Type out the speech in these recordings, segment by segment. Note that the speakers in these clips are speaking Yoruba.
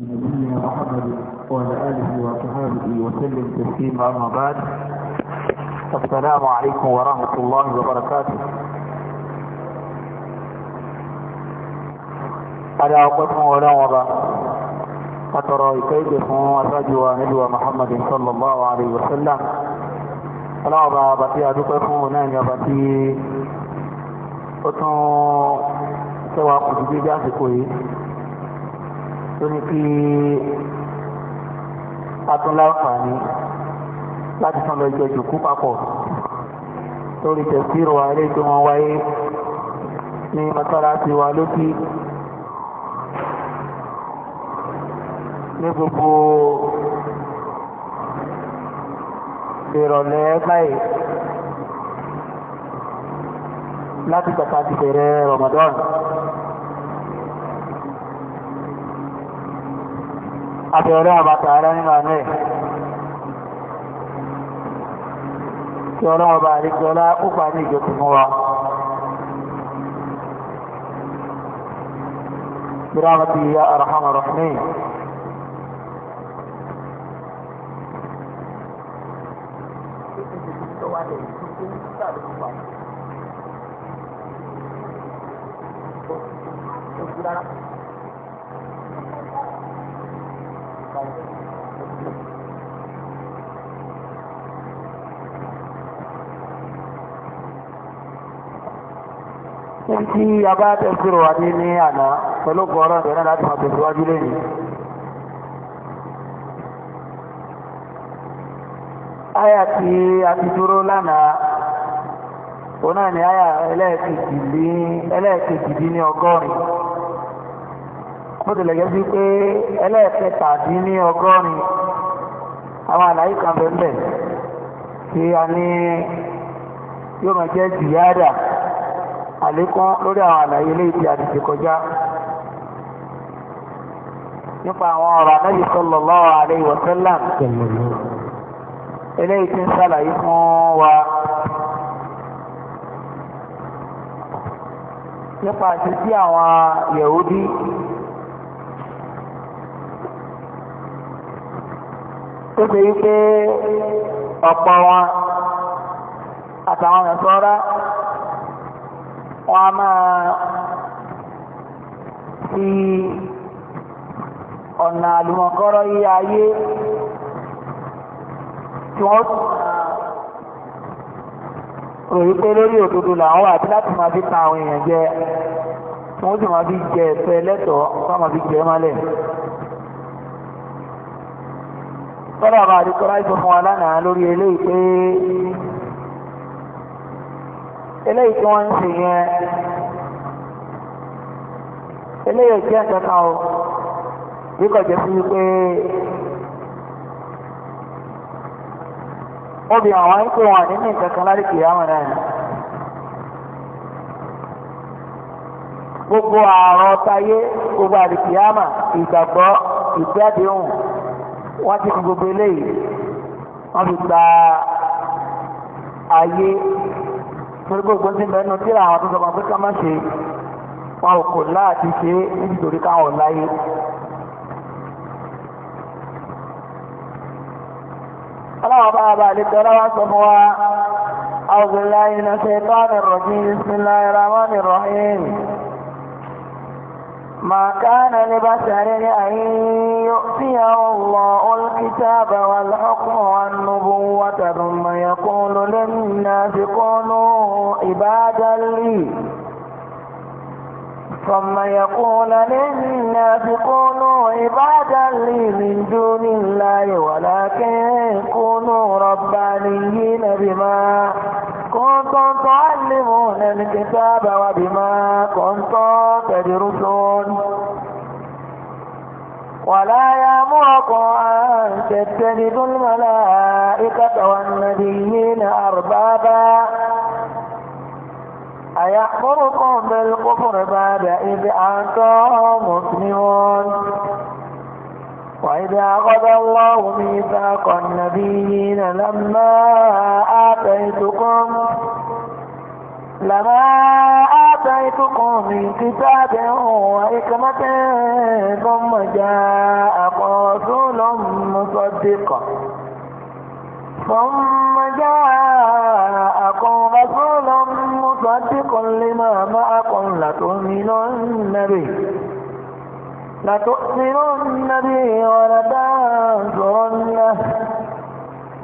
نبينا محمد وعلى آله وصحبه وسلم تسليما أما بعد السلام عليكم ورحمة الله وبركاته على أوقاتهم ولا وضع فترى كيدهم وسجوا ندوى محمد صلى الله عليه وسلم ألا وضع بطيء أدوكهم ونان يبطيء أتون سواء قد جاسكوه tó ní kí atúnláǹfààní láti tán lọ jẹ jòkú papọ̀ lórí tẹ̀síìrò wa ilé tí wọ́n wáyé ní mọ́sálásí wa lókì ní gbogbo ìrọ̀lẹ́ báyìí láti gbàtà ti bẹ̀rẹ̀ Ramadan. a tere ba tare ni ba ne ba ri jola upa ni jo tun wa Birawati ya arhamar rahimi Thank you. tí a bá tẹ̀síro wa ní ní àná pẹ̀lú gọ́ọ̀rọ̀ ìrìn náà láti máa tẹ̀síwájú lẹ́yìn. Aya tí a ti dúró lánàá, òun náà ni aya ẹlẹ́ẹ̀kejì ní ọgọ́rin. Mo tilẹ̀ gẹ́gẹ́ sí pé ẹlẹ́ẹ̀kẹta dín ní ọgọ́rin àlékún lórí àwọn àlàyé ilé ìdí àdìsí kọjá nípa àwọn ọ̀rọ̀ anábì sallallahu alaihi wa sallam eléyìí tí ń ṣàlàyé fún wa nípa àti sí àwọn Yahudi tó ṣe wípé ọ̀pọ̀ wọn àtàwọn ẹ̀sọ́ra wọ́n a máa fi ọ̀nà àlùmọ̀kọ́rọ́ yí ayé tí wọ́n ròyí pé lórí òdodo làwọn àti láti máa fi ta àwọn èèyàn jẹ tí wọ́n sì máa fi jẹ ẹ̀fẹ́ lẹ́tọ̀ọ́ fún àwọn fi jẹ mọ́lẹ̀ tọ́lá àwọn àdìkọ́lá ìfọ̀fún wa lánàá lórí eléyìí pé eléyìí tí wọ́n ń ṣe yẹn eléyìí jẹ́ kankan o bí kò jẹ́ sí wípé obìnrin àwọn ń pè wọn nínú ìkankan láti àwọn náà gbogbo àrùn ọ̀tayé gbogbo àdìkìyàmà ìgbàgbọ́ ìgbàdéhùn wọ́n ti fi gbogbo eléyìí wọ́n fi gba ayé torí gbogbo ti mẹ́nu tí àwọn tó sọmọ pé ká má ṣe wọn ò kò láti ṣe é nítorí káwọn láyé. ọlọ́wọ́ bá bá lè tọ́lá wá sọ fún wa أعوذ بالله من الشيطان الرجيم بسم الله الرحمن الرحيم ما كان لبشر أن يؤتيه الله الكتاب والحكم والنبوة ثم يقول للناس كونوا عبادا لي ثم يقول للناس كونوا عبادا لي من دون الله ولكن كونوا ربانيين بما كنتم تعلمون الكتاب وبما كنتم تدرسون ولا يامركم أن تتخذوا الملائكة والنبيين أربابا أيأمركم بالكفر بعد إذ أنتم مسلمون وإذا أخذ الله ميثاق النبيين لما آتيتكم لما آتيتكم من كتاب وحكمة ثم جاءكم رسول مصدق ثم جاءكم رسول مصدق لما معكم لتؤمنن به لتؤمنن به ولتنصرنه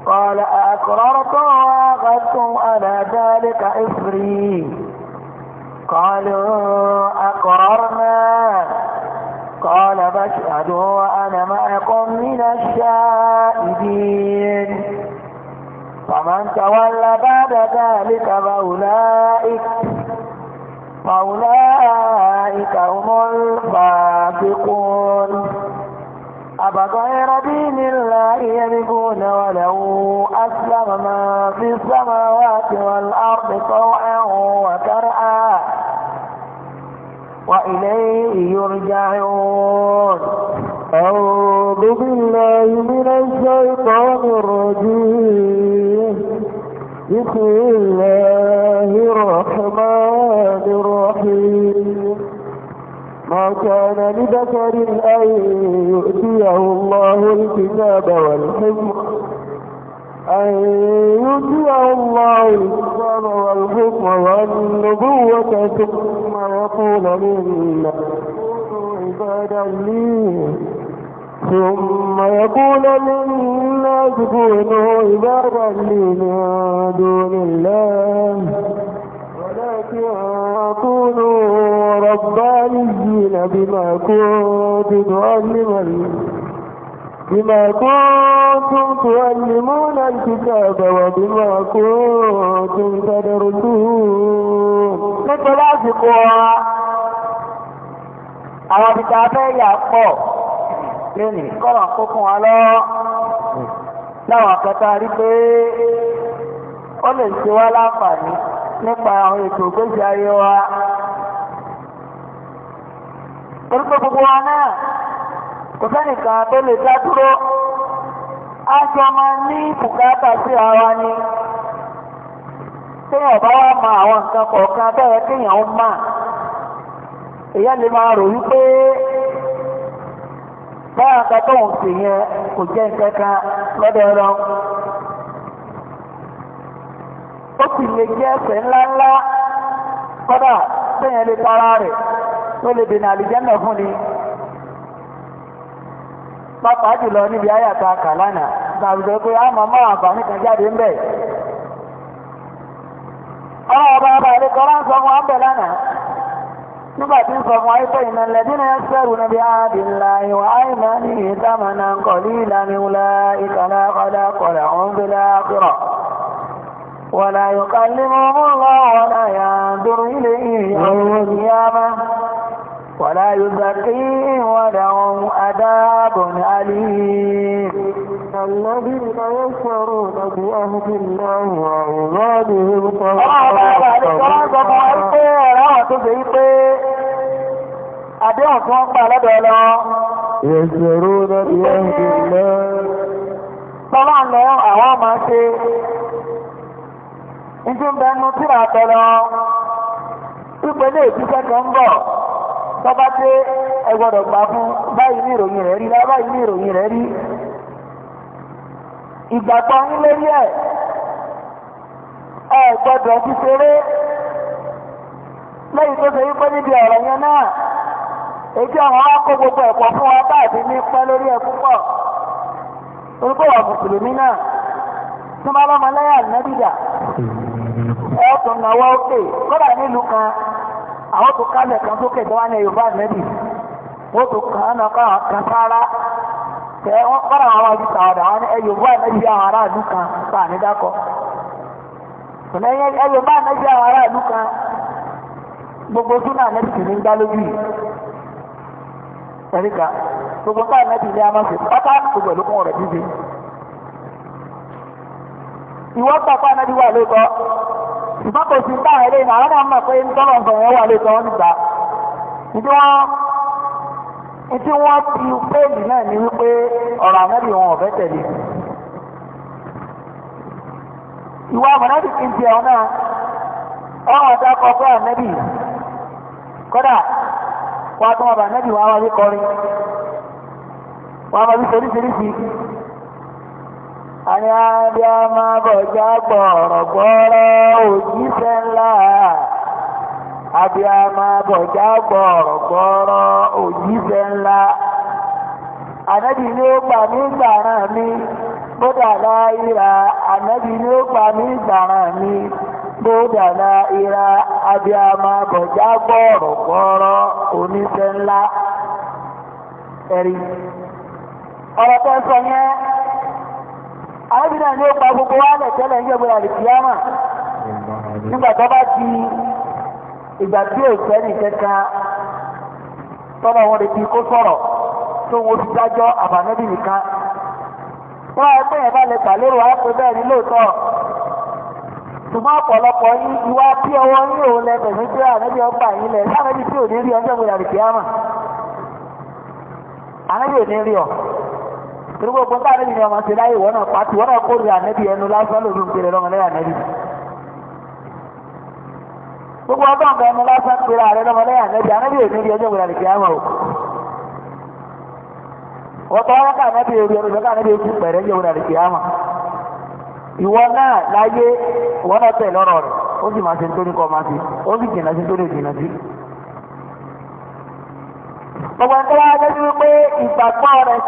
قال أأقررتم وأخذتم على ذلك إصري قالوا أقررنا قال فاشهدوا وأنا معكم من الشاهدين فمن تولى بعد ذلك فأولئك فأولئك هم الفاسقون أفغير دين الله يبغون وله أسلم ما في السماوات والأرض طوعا وكرعا وإليه يرجعون أعوذ بالله من الشيطان الرجيم بسم الله الرحمن الرحيم ما كان لبشر أن يؤتيه الله الكتاب والحكمة أن يؤتيه الله الكتاب والحكم والنبوة ثم يقول للناس عبادا لي ثم يقول للناس كونوا عبادا لي من دون الله ولكن كونوا ربانيين بما كنتم تعلم بما كنتم تعلمون الكتاب وبما كنتم تدرسون. مثل عاشق àwọn ibi tá a fẹ́ yà pọ̀ lónìí kọ́wà kó fún wa lọ́wọ́ láwọn akẹta rí pé ó lè ṣe wá láǹfààní nípa àwọn ètò ògbésí ayé wa torí pé gbogbo wa náà kò sẹ́nìkan tó lè dá dúró a jọ máa ní bùkátà sí ara ni téèyàn bá wá ma àwọn nǹkan kọ̀ọ̀kan bẹ́ẹ̀ báyà ká tóun sì yẹn kò jẹ́ nǹkan kan lọ́dọ̀ ẹ̀rọ. ó sì lè jẹ́ ẹ̀ṣẹ̀ ńláńlá kọ́dà sẹ́yìn lè tara rẹ̀ tó lè dènà àlìjẹ́nà fún ni. pápá jùlọ níbi ayàtà kàlánà tàbùdọ̀ pé a máa máa àǹfààní kan jáde ń bẹ̀. ọ̀rọ̀ ọba ọba àlekọ́lá ń sọ fún wa ń bẹ̀ lánàá. وبعدين فرمعيت إن الذين يسرون بعهد الله وأيمانه ثمنا قليلا أولئك لا خلاق لهم في الآخرة ولا يكلمهم الله ولا ينظر إليه يوم القيامة ولا يزكيهم ولهم أداب أليم الذين يسرون بأهد الله وعظامهم يسرون بأهد الله طبعا لا أعوام شيء ìjọ ń bẹnu tíra àtọ́lọ pípẹ́lẹ̀ ìjíṣẹ́ kan ń bọ̀ tọ́bá dé ẹgbọ́dọ̀ gbà fún báyìí ní ìròyìn rẹ̀ rí lábáyìí ní ìròyìn rẹ̀ rí ìgbàgbọ́ yín lórí ẹ̀ ẹ gbọ́dọ̀ ti ṣeré lẹ́yìn tó ṣe wípé níbi ọ̀rọ̀ yẹn náà àwọn akọ gbogbo ẹ̀kọ́ fún wa báàbí ní pẹ́ lórí ẹ̀ púpọ̀ orúkọ wà mùsùlùmí náà tí wọ́n bá lọ́mọ kan àwọn tó kálẹ̀ kan tó wá ní yorùbá tẹ wọn dị àwọn ọmọ ìdíkà ọ̀dà wọn ẹ àwọn aráàlú kan sáà ní dákọ̀ ṣùgbọ́n àwọn aráàlú kan gbogbo súnà nẹ́bí sì ní ń lójú yìí ẹ̀ríkà gbogbo táà nẹ́bí ní amáṣe pátá gbogbo ìlú kún dídé wà àwọn pé ń nǹkan wà wọn nígbà ìtí wọ́n fi péèjì náà ní wípé ọ̀rọ̀ ànábì wọn ọ̀fẹ́ tẹ̀lé ìwà àmọ̀nábì kì í ti ẹ̀hún náà ọ̀hún àdákọ̀ fún ànábì kódà wọ́n tún ọba ànábì wọn wáyé kọrin wọ́n máa fi ṣoríṣiríṣi àyàbíà máa bọ̀ já gbọ̀rọ̀gbọ̀rọ̀ òjíṣẹ́ ńlá. abiyama bọ̀já gbọ̀rọ̀ gbọ́rọ̀ òjíṣẹ́ ńlá ànábì ni ó gbà mí gbàràn mi bódà láìra ànábì ni ó gbà mí mi bódà láìra tó sọ yẹn ànábì náà ni ó gbogbo wa lẹ̀ ìgbà tí ò sẹ́ni kẹta tọ́lọ̀ wọn retí kó sọ̀rọ̀ tó wọn ti dájọ́ àbànẹ́bí nìkan wọ́n á gbé ẹ̀bá lè gbà lérò àpò bẹ́ẹ̀ ni lóòótọ́ ṣùgbọ́n ọ̀pọ̀lọpọ̀ yín ìwà tí ọwọ́ yín òun lẹ bẹ̀rẹ̀ pé ànábì ọgbà yín lẹ̀ sáàrẹ́bí tí ò ní rí ọjọ́ ìgbìyànjú kí á mà ànábì ò ní rí ọ torí gbogbo ń bá ànábì ni ọmọ ṣe láyé ìwọ náà pàtó ìwọ náà kórìíra ànábì ẹnu lásán lòdùn kiri lọ́mọlẹ́yà ànábì. gbogbo ọba ọba ẹni lásán pera rẹ lọ́mọ lẹ́yìn ànábì ànábì èmi rí ẹjọ́ ìwòrán ìkẹyà wọn o. wọ́n tọ́ wọn ká ànábì èrè ẹni lọ́kà ànábì èkú pẹ̀rẹ́ ìwọ náà láyé ìwọ náà tẹ̀ lọ́rọ̀ rẹ̀ ó sì máa ṣe ń tóní kọ́ máa ṣe ó sì jìnnà sí tóní jìnnà sí. gbogbo pé ìgbàgbọ́ rẹ̀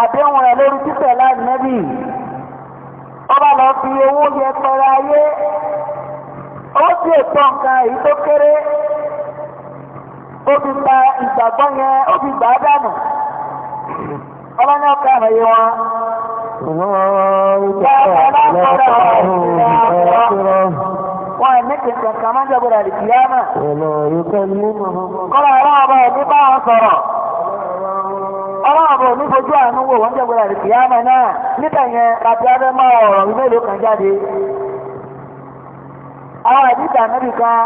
àdéhùn rẹ̀ lórí títẹ̀ láì tí ò nǹkan èyí tó kéré ó fi pa ìgbàgbọ́ yẹn ó fi gbà á dànù ọlọ́ni ọkọ àmọ̀yé wọn. Wọ́n ní kìkàn kan máa ń jẹ́ gbọ́dọ̀ yá náà. Kọ́lá ọlọ́wọ́ bá ẹni bá wọn sọ̀rọ̀. Ọlọ́wọ́ bá òní fojú àánú wò wọ́n jẹ́ gbọ́dọ̀ yá náà. Níbẹ̀ yẹn, àti abẹ́ máa ọ̀rọ̀ ìmélòó kan jáde. àwọn àdìsí ànábì kan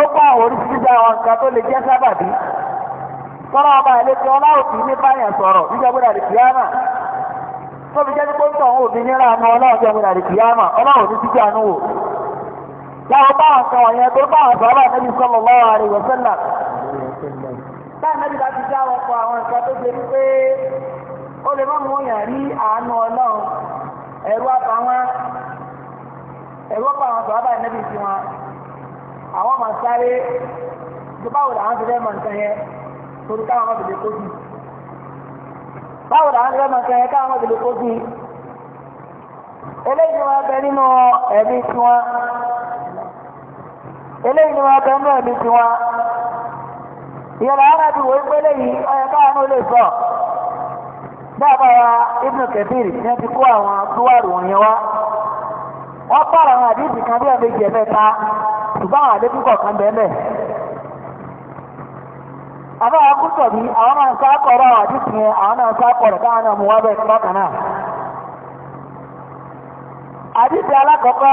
ó kọ́ àwọn oríṣiríṣi àwọn nǹkan tó lè jẹ́ sábàbí tọ́lá ọba ìlẹ́kẹ́ ọláòtí ní báyẹn sọ̀rọ̀ níjọ́ gbọ́dọ̀ àdìsí tó fi jẹ́ pé ń òbí àánú gbọ́dọ̀ ní títí àánú wò. láwọn kan wọ̀nyẹn tó àwọn ẹ̀rú ẹ̀rọ pa àwọn sọ̀rọ̀ báyìí nẹ́bí sí wọn àwọn máa sáré tó báwo làwọn ti fẹ́ mọ nǹkan yẹn torí káwọn máa bèèrè kó dùn báwo làwọn ti fẹ́ mọ nǹkan yẹn káwọn máa bèèrè kó dùn eléyìí ni wọn bẹ nínú ẹ̀mí tiwọn eléyìí ni wọn bẹ nínú ẹ̀mí tiwọn ìyẹn làwọn máa ti wò ó pé eléyìí ọyẹ káwọn náà lè sọ báwa Ibn Kathir ní ẹ ti kó àwọn túwárù wọn yẹn wá. wọ́n pààrọ̀ àwọn àdéhùn kan bí ẹ̀mejì ẹ̀mẹ́ta ṣùgbọ́n àwọn àdéhùn kan bẹ́ẹ̀ àbá akúntọ̀ bí àwọn náà ń sá kọ̀ọ̀rọ̀ àwọn àdéhùn yẹn àwọn náà ń sá káwọn náà mú wá bẹ́ẹ̀ náà. alákọ̀ọ́kọ́ wa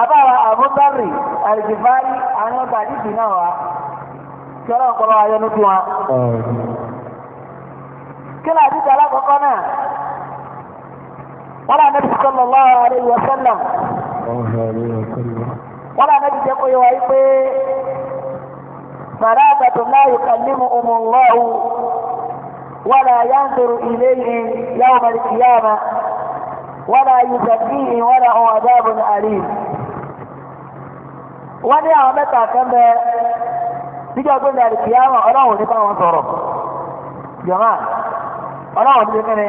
àwọn ọgbà náà wá kí ọlọ́run kọ́ wọ́n lànà bí sallallahu alaihi wa sallam wọ́n lànà bí jẹ́kọ̀ọ́ yẹ wá yí pé màláàbàtò náà yukallimuhumu Allahu wala yanzuru ilayhim yawma al-qiyamah wala yuzakkihim wala hum adhabun alim wọ́n ní àwọn mẹ́ta kan bẹ níjọ́ tó ní àlùkìyàmà ọlọ́run ní bá wọn sọ̀rọ̀ jọ̀mọ́ ọlọ́run ní kíni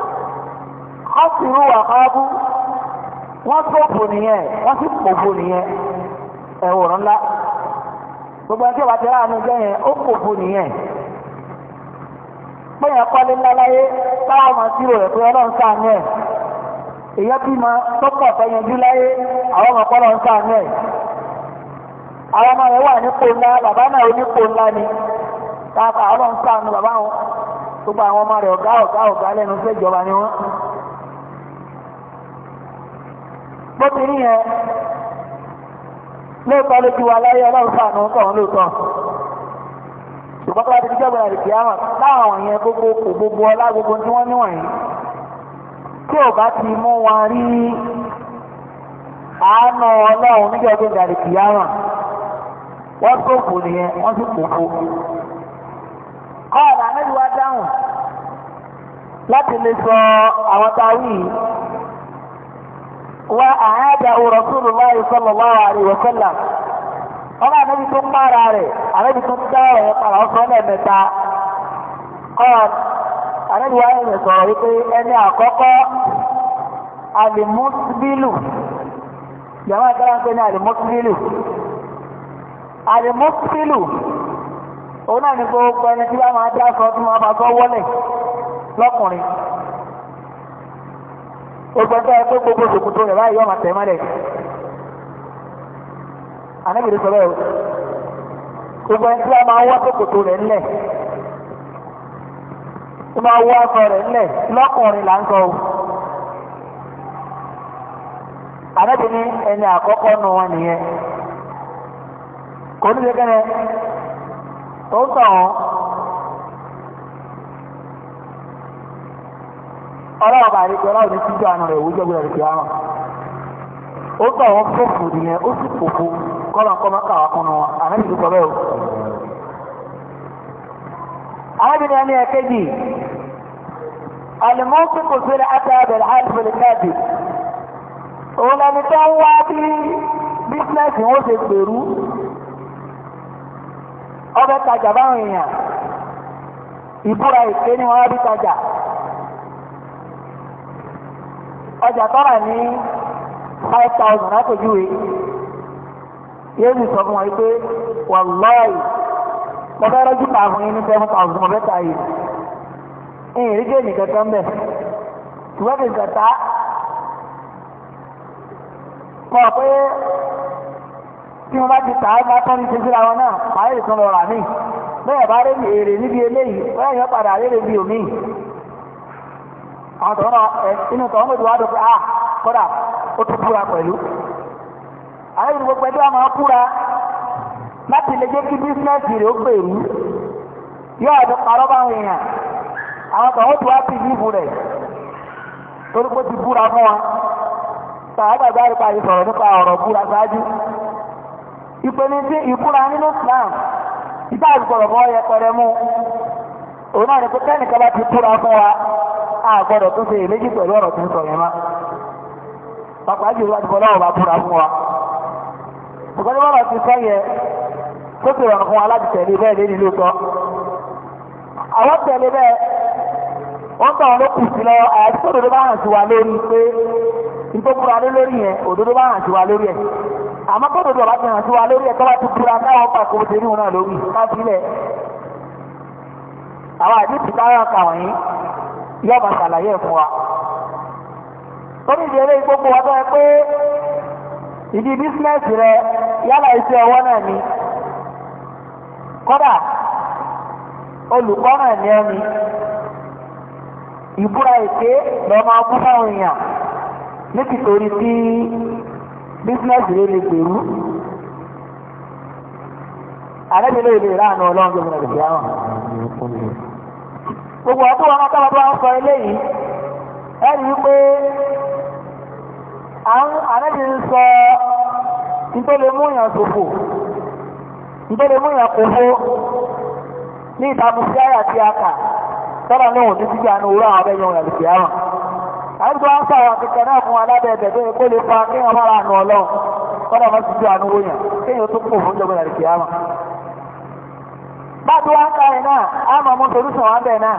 kọ́sìrú àkọ́bú wọ́n tó bò nìyẹn wọ́n sì pò bò nìyẹn ẹ̀wòrán ńlá gbogbo ẹni tí wàá ti ráàánú jẹ́ yẹn ó pò bò nìyẹn péyàn kọ́lé ńlá láyé táwọn ọmọ sírò rẹ̀ pé ọlọ́run sáàánú ẹ̀ èyàn bímọ tó pọ̀ fẹ́yẹnjú láyé àwọn ọmọ kọ́lọ́run sáàánú ẹ̀ àwọn ọmọ rẹ̀ wà nípò ńlá bàbá náà onípò ńlá ni táwọn ọlọ́run sáàánú bàbá wọn gbogbo àwọn ọmọ rẹ̀ ọ̀gá ọ̀gá ọ̀gá lẹ́nu fẹ́jọba ni wọ́n. bó ti rí yẹn lóòótọ́ ló ti wà láyé ọlọ́run fàánù tọ̀hún lóòótọ́ ṣùgbọ́n tó bá ti fi jọ́gbọ̀n àdìsí àmọ̀ táwọn yẹn gbogbo kò gbogbo ọlá gbogbo tí wọ́n níwọ̀nyí tí ò bá ti mú wọn rí àánú ọlọ́run níjọ́gbọ̀n àdìsí àmọ̀ wọ́n sófò nìyẹn wọ́n sì kófò. kọ́ọ̀lù àmẹ́lùwá dáhùn láti lè sọ àwọn táwí yìí. وأعاده رسول الله صلى الله عليه وسلم أنا نبي مر عليه أنا نبي تنبار يقال أصلا متى قال أنا نبي وأنا صورتي أني أقوى المسبل جماعة كلام كنا المسبل المسبل هنا نقول أنا نبي ما أدري صوت ما بقول لا لقوني gbogbo ẹgbẹ́ gbogbo ṣòkòtò rẹ̀ báyìí ọmọ tẹ̀ mọ́lẹ̀ anábìrì sọ bẹ́ẹ̀ gbogbo ẹni tí a máa wá tí máa wá là ń sọ o ẹni nù wọn nìyẹn kò ní lè tó ń ọlọ́ọ̀bà àríkẹ́ ọlọ́ọ̀dẹ tí jọ àánú rẹ̀ wú gbọ́dọ̀ rìkì àwọn ó tọ̀ wọ́n fòfò nìyẹn ó sì fòfò kọ́lọ̀ wọn bẹ́ẹ̀ o. arábìnrin ẹni ẹ̀kejì alimọ́sí kò sí ata abẹ̀rẹ̀ alifẹ̀lẹ̀ káàdì òun lẹni tó ń wá bí wọn ṣe ọbẹ̀ tajà báwọn èèyàn ìbúra ni wọ́n bí tajà. ọjà tọ́ra ní five thousand lápèjúwe yéé mi sọ fún wọn pé wàlọ́ọ̀ì mo fẹ́ rọ́jú pa àwọn yín ní seven thousand mo fẹ́ ta yìí ìyìn rí géèmì kankan bẹ̀ ṣùgbọ́n kì í kàtá mọ̀ pé tí wọ́n bá ti tà á bá tán ní ṣíṣíra wọn náà máa lè tún lọ rà mí bẹ́ẹ̀ bá rí èrè níbi eléyìí bẹ́ẹ̀ yẹn padà rí èrè bí omi àwọn tọ̀wọ́n náà inú tọ̀wọ́n náà ti wá dọ̀pẹ́ ah, kọ́dà ó tún búra pẹ̀lú. àwọn ìdìbò pẹ̀lú àwọn búra láti lè jẹ́ kí bísínẹ́sì rẹ̀ ó gbèrú yóò àdó parọ́ bá àwọn èèyàn àwọn tọ̀wọ́n ti wá sí ìdìbò rẹ̀ torí pé ti búra fún wa. sàádà bá rí parí sọ̀rọ̀ nípa ọ̀rọ̀ búra ṣáájú nínú Islam yẹ a gbọ́dọ̀ tó ṣe èméjì pẹ̀lú ọ̀rọ̀ tó ń sọ yẹn má pàápàá jùlọ àti bọ́lá ọba búra fún wa ti sọ yẹ tó ti rọrùn fún wa láti tẹ̀lé bẹ́ẹ̀ lé nílò tọ́ àwọn tẹ̀lé bẹ́ẹ̀ tọ̀ ló kù sí lọ àyàtí tó dodo bá hàn sí wa lórí pé lé lórí yẹn òdodo ti hàn sí wa lórí ẹ̀ tó bá ti yóò máa ṣàlàyé ẹ̀fún wa orí ìdílé gbogbo wa bẹ́ẹ̀ pé ìdí bísínẹ́sì rẹ yálà iṣẹ́ ọwọ́ náà ni kódà olùkọ́ náà ní ẹni ìbúra èké lọ́mọ ọkú fáwọn èèyàn ní tí bísínẹ́sì rẹ lè gbèrú àrẹ́bí lè lè ráàánú ọlọ́run gbogbo àti wọn kábà tó wọn sọ eléyìí ẹni wípé àrẹ́bí ń sọ ntólemúyàn ṣòfò kòfó ní ìtàkùsí àyà tí a kà tọ́lá lóhùn ní jíjà ní òwúrọ̀ àwọn àwọn náà fún tó yẹ kó lè fa ti àánú wòyàn kéèyàn báàdù aka ń ka yẹn náà á máa mú solúsàn wá bẹ́ẹ̀ náà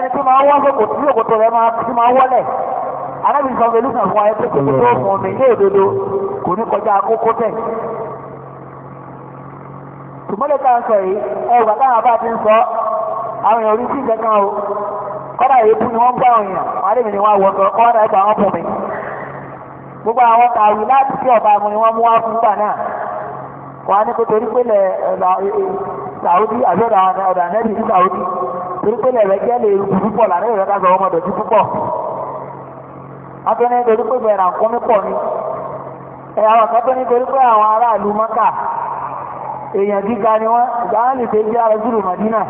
ẹni tí máa wọ́n sókò tí òkòtò rẹ̀ máa tí máa wọ́lẹ̀ anábì sọ solúsàn fún ayé pé kò tó fún omi ní òdodo kò ní kọjá àkókò tẹ̀. tùmọ́lẹ̀ sọ yìí bàtà ń sọ àwọn o kọ́dà ni wọ́n ń sọ kọ́dà gbogbo àwọn tààrí láti sí ọba àmọ́ ni mú wá fún gbà náà wọ́n á ní kó torí pélé sàwùdí àbẹ́rẹ́ àwọn ọ̀dà sí sàwùdí torí pélé rẹ̀ jẹ́ lè rú púpọ̀ lànà ìrẹ́ ká sọ ọmọ dọ̀tí púpọ̀ atọ́ni torí pé bẹ̀rẹ̀ àkọ́mí pọ̀ ni ẹ̀ àwọn kan torí pé àwọn aráàlú mọ́kà èèyàn gíga ni wọ́n ìgbàhán lè ṣe bí ara jùlọ màdínà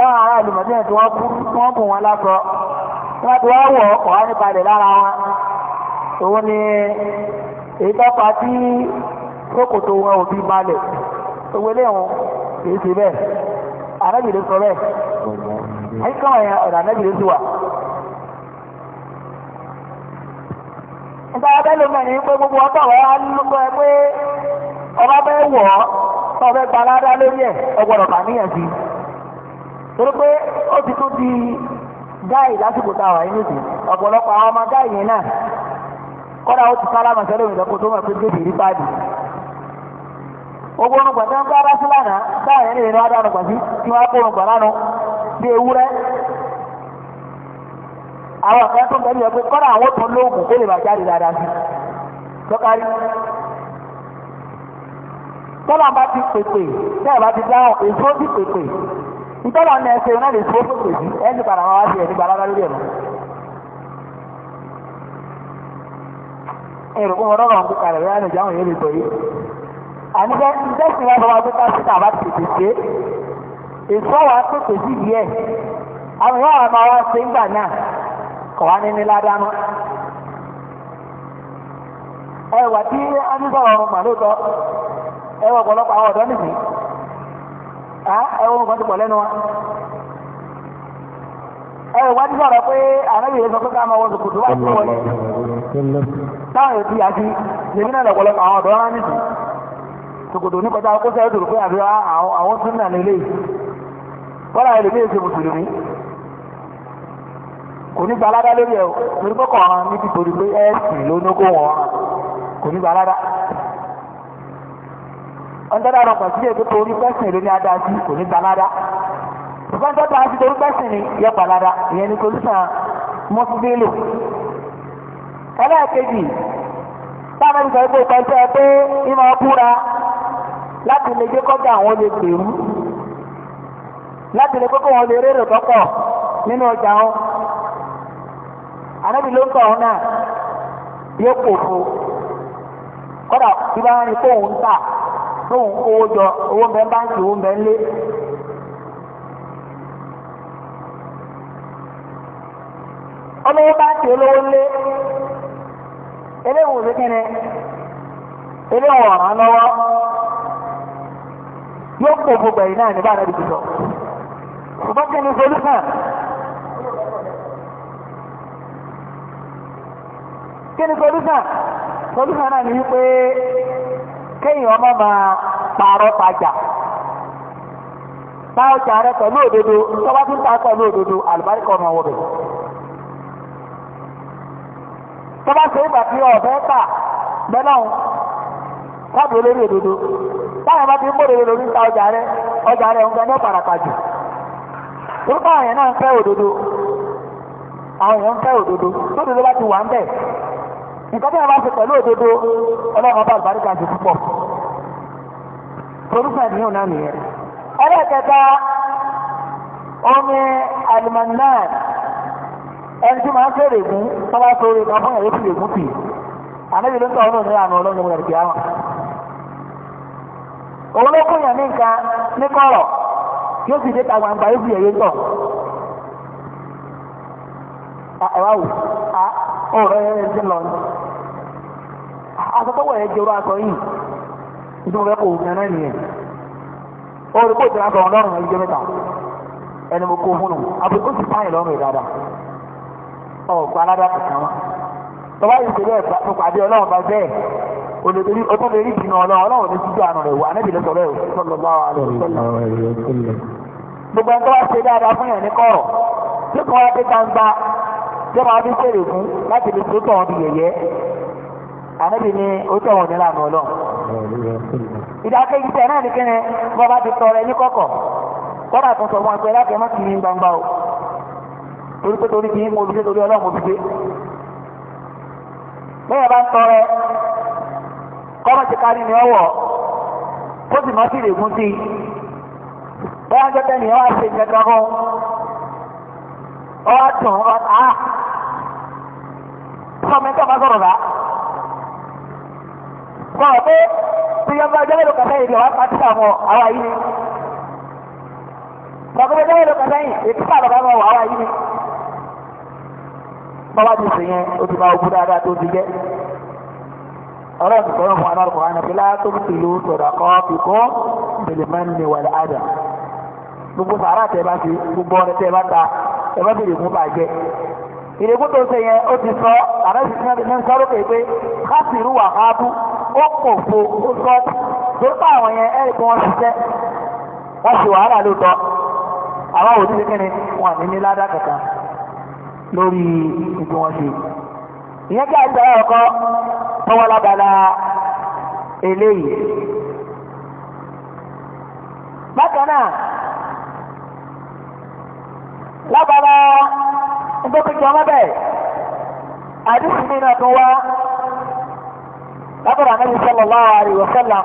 ẹ̀wọ̀n aráàlú màdínà tí wọ́n kú wọ́n bù wọn lákọ̀ọ́ wọ́n ti wá wọ̀ ọkọ̀ òun ni pa tí kókòtò wọn ò fi balẹ̀ owó eléwọn kìí ṣe bẹ́ẹ̀ sọ bẹ́ẹ̀ àyíká wọn yẹn sì wà. nígbà ló mẹ́rin gbogbo wọ́n á lóko ẹ pé ọba bẹ́ẹ̀ wọ̀ ọ́ tó ọbẹ̀ gba aládá lórí ẹ̀ ọgbọ̀dọ̀ kà níyàn sí. torí pé ó ti tún di gáì lásìkò tá a wà nínú ìsìn ọ̀pọ̀lọpọ̀ àwọn ọmọ kọ́dà ó ti sálámà sẹ́lẹ̀ òyìnbó kó tó mọ̀ pé débi rí báàdì. ogbó onugbà tó ń gbá abáṣí lánàá táwọn ẹni ìrìn adá onugbà sí kí wọ́n á kó onugbà lánàá bí ewúrẹ́. àwọn kan tó ń bẹ̀rù yẹ pé kọ́dà àwọn tó lóògùn kó lè bàjá sí tọ́lá bá ti pèpè bá ti dáhùn èso ti pèpè ìtọ́lá ní ẹsẹ̀ èrò fún ọlọ́rọ̀ ń kíkà rẹ̀ rẹ̀ ní ìjáwọn yìí lè gbòye àníkẹ́ iṣẹ́ sì wá bọ́wọ́ pípa sí tàbá tètè ṣe èso wa tètè sí díẹ̀ àwọn ìwà àwọn ọmọ wa ṣe ń gbà náà kọ̀ wá níní ládáná ẹwà tí a ní sọ̀rọ̀ ọ̀run màlúù tọ́ ẹwà ọ̀pọ̀lọpọ̀ àwọn ọ̀dọ́ nìyí ẹwà ọ̀run kan ti pọ̀ lẹ́nu wa ẹ ìwádìí sọ̀rọ̀ pé àrẹ́bì yẹn sọ pé káàmọ́ wọ́n sòkòtò wà ní wọ́n yìí táwọn èdè àti lèmi náà lọ̀pọ̀lọpọ̀ àwọn ọ̀dọ́ rán nìsí sòkòtò ní kọjá kó sẹ́yìn tòrò pé àbí àwọn tún nà nílé wọ́n láyé lèmi èsè mùsùlùmí kò ní lórí ẹ̀ pé kò ní torí pẹ́sìn ní adá sí kò ní ṣùgbọ́n tọ́ta àti torí pẹ́sìn ni yẹ pàlàdà ìyẹn ni solúsàn mọ́sídélò ẹlẹ́ẹ̀kejì táwọn ẹni sọ pé pẹ́sẹ́ pé ìmọ̀ búra láti lè jẹ́ kọjá àwọn lè gbèrú láti lè kókó wọn lè rérò tọ́pọ̀ nínú ọjà wọn ànábì ló ń tọ̀ ọ́n náà yóò pòfo kọ́dà bí bá ń rí kóun ń tà lóun kówó jọ owó ń bẹ ń báńkì owó ń bẹ ń lé. ọmọ yẹn bá ti olówó lé eléwò ló kí ni eléwò ọ̀ràn lọ́wọ́ yóò kó gbogbo ẹ̀yìn náà nígbà náà dìbò sọ ṣùgbọ́n kí ni solúsàn kí ni solúsàn solúsàn náà ní wípé kéèyàn ọmọ máa pààrọ̀ tajà bá ọjà rẹ pẹ̀lú òdodo tọ́wọ́ tí ń ta pẹ̀lú òdodo àlùbáríkà ọmọ wọ̀bẹ̀. tọba bá ṣe olórí òdodo bá ti ń bòrò lórí ta ọjà rẹ ọjà rẹ ń gan ní pàràpàjù orúkọ àwọn yẹn náà ń fẹ́ òdodo àwọn yẹn ń fẹ́ òdodo lódodo bá ti wà ń bẹ̀ nǹkan tí bá pẹ̀lú òdodo ọlọ́run àlùbáríkà púpọ̀ náà nìyẹn omi ẹni tí máa ń fèrè gún tọ́lá sórí kan fún ẹ̀rẹ́ fèrè gún tì tọ́ àná ọlọ́run wọn. òun ló kún ní nǹkan ní ó sì dé ta gbangba tọ̀. ti lọ ni. aṣọ tó wọ̀ jẹ́ orú aṣọ yìí nítorí kò wù kó ọ̀pọ̀ aládàpọ̀ kan wọn tọ́wá yìí tẹ̀lé ẹ̀fà tó pàdé ọlọ́run bá bẹ́ẹ̀ olùdórí ọtọ́ lè rí ìdìnnà ọlọ́run ọlọ́run ní síjú àná rẹ̀ wà níbi lọ́sọ̀ rẹ̀ sallallahu alaihi wasallam gbogbo ẹni tó wá ṣe dáadáa fún yẹn ní kọ̀rọ̀ tí kò wá dé gbangba tí wọ́n fi ṣèrè fún láti lè tó tọ̀ wọn di yẹ̀yẹ́ àníbi ni ó tọ̀ wọn nílànà ọlọ́run ìdákejì tẹ̀ náà ní kíni bọ́ bá ti tọrẹ ní kọ̀kọ̀ kọ́dà tó sọ fún ẹ pé láti ẹ má kiri gbangba o torí pé torí kìí mo fi dé torí ọlọ́run mo fi dé bẹ́ẹ̀ bá ń tọrẹ kọ́mọ̀tì kárí ni ọwọ́ kó sì mọ́ sí ìrègùn sí bẹ́ẹ̀ jẹ́tẹ́ ni wọ́n á ṣe ìjẹta kan ọwọ́ dùn ọ̀tá sọmi tó bá sọ̀rọ̀ rà sọ̀rọ̀ pé tí yẹn bá jẹ́ mélòó kàtà yìí wọ́n á pàtí àwọn àwa yìí ni sọ̀rọ̀ jẹ́ mélòó kàtà yìí ètí pàtàkì àwọn àwa yìí ni bàbá ti sè yẹn o ti bá ogun dáadáa tó ti jẹ́ ọlọ́run ti sọ̀rọ̀ fún anáàlú kọ̀ọ̀kan àti látó ti lu sọ̀dà kọ́ fi kọ́ bèlè máa ń ní wàlẹ̀ àdà gbogbo sàárà tẹ bá fi gbogbo ọ̀rẹ́ tẹ bá ta ẹ bá bèrè fún bàjẹ́ ìrègùn tó ṣe yẹn ó ti sọ àrẹ́sì tí wọ́n ti sọ́rọ́ pé pé káfíìrù wà káàbù ó pòfo ó sọ torípa àwọn yẹn ẹ̀rì kí ṣiṣẹ́ wọ́n ṣe wàhálà lóòótọ́ àwọn òdìsí kí ni wọ́n ní ní ládàá kankan lórí gbogbo wọn ṣe ìyẹn tí a gbà ọkọ tọwọ́ lábala eléyìí bákan náà lábala ìgbókùnjọ mọ́bẹ̀ àdúgbò mi náà tó wá lábàrà Ànábì sallallahu alaihi wa sallam.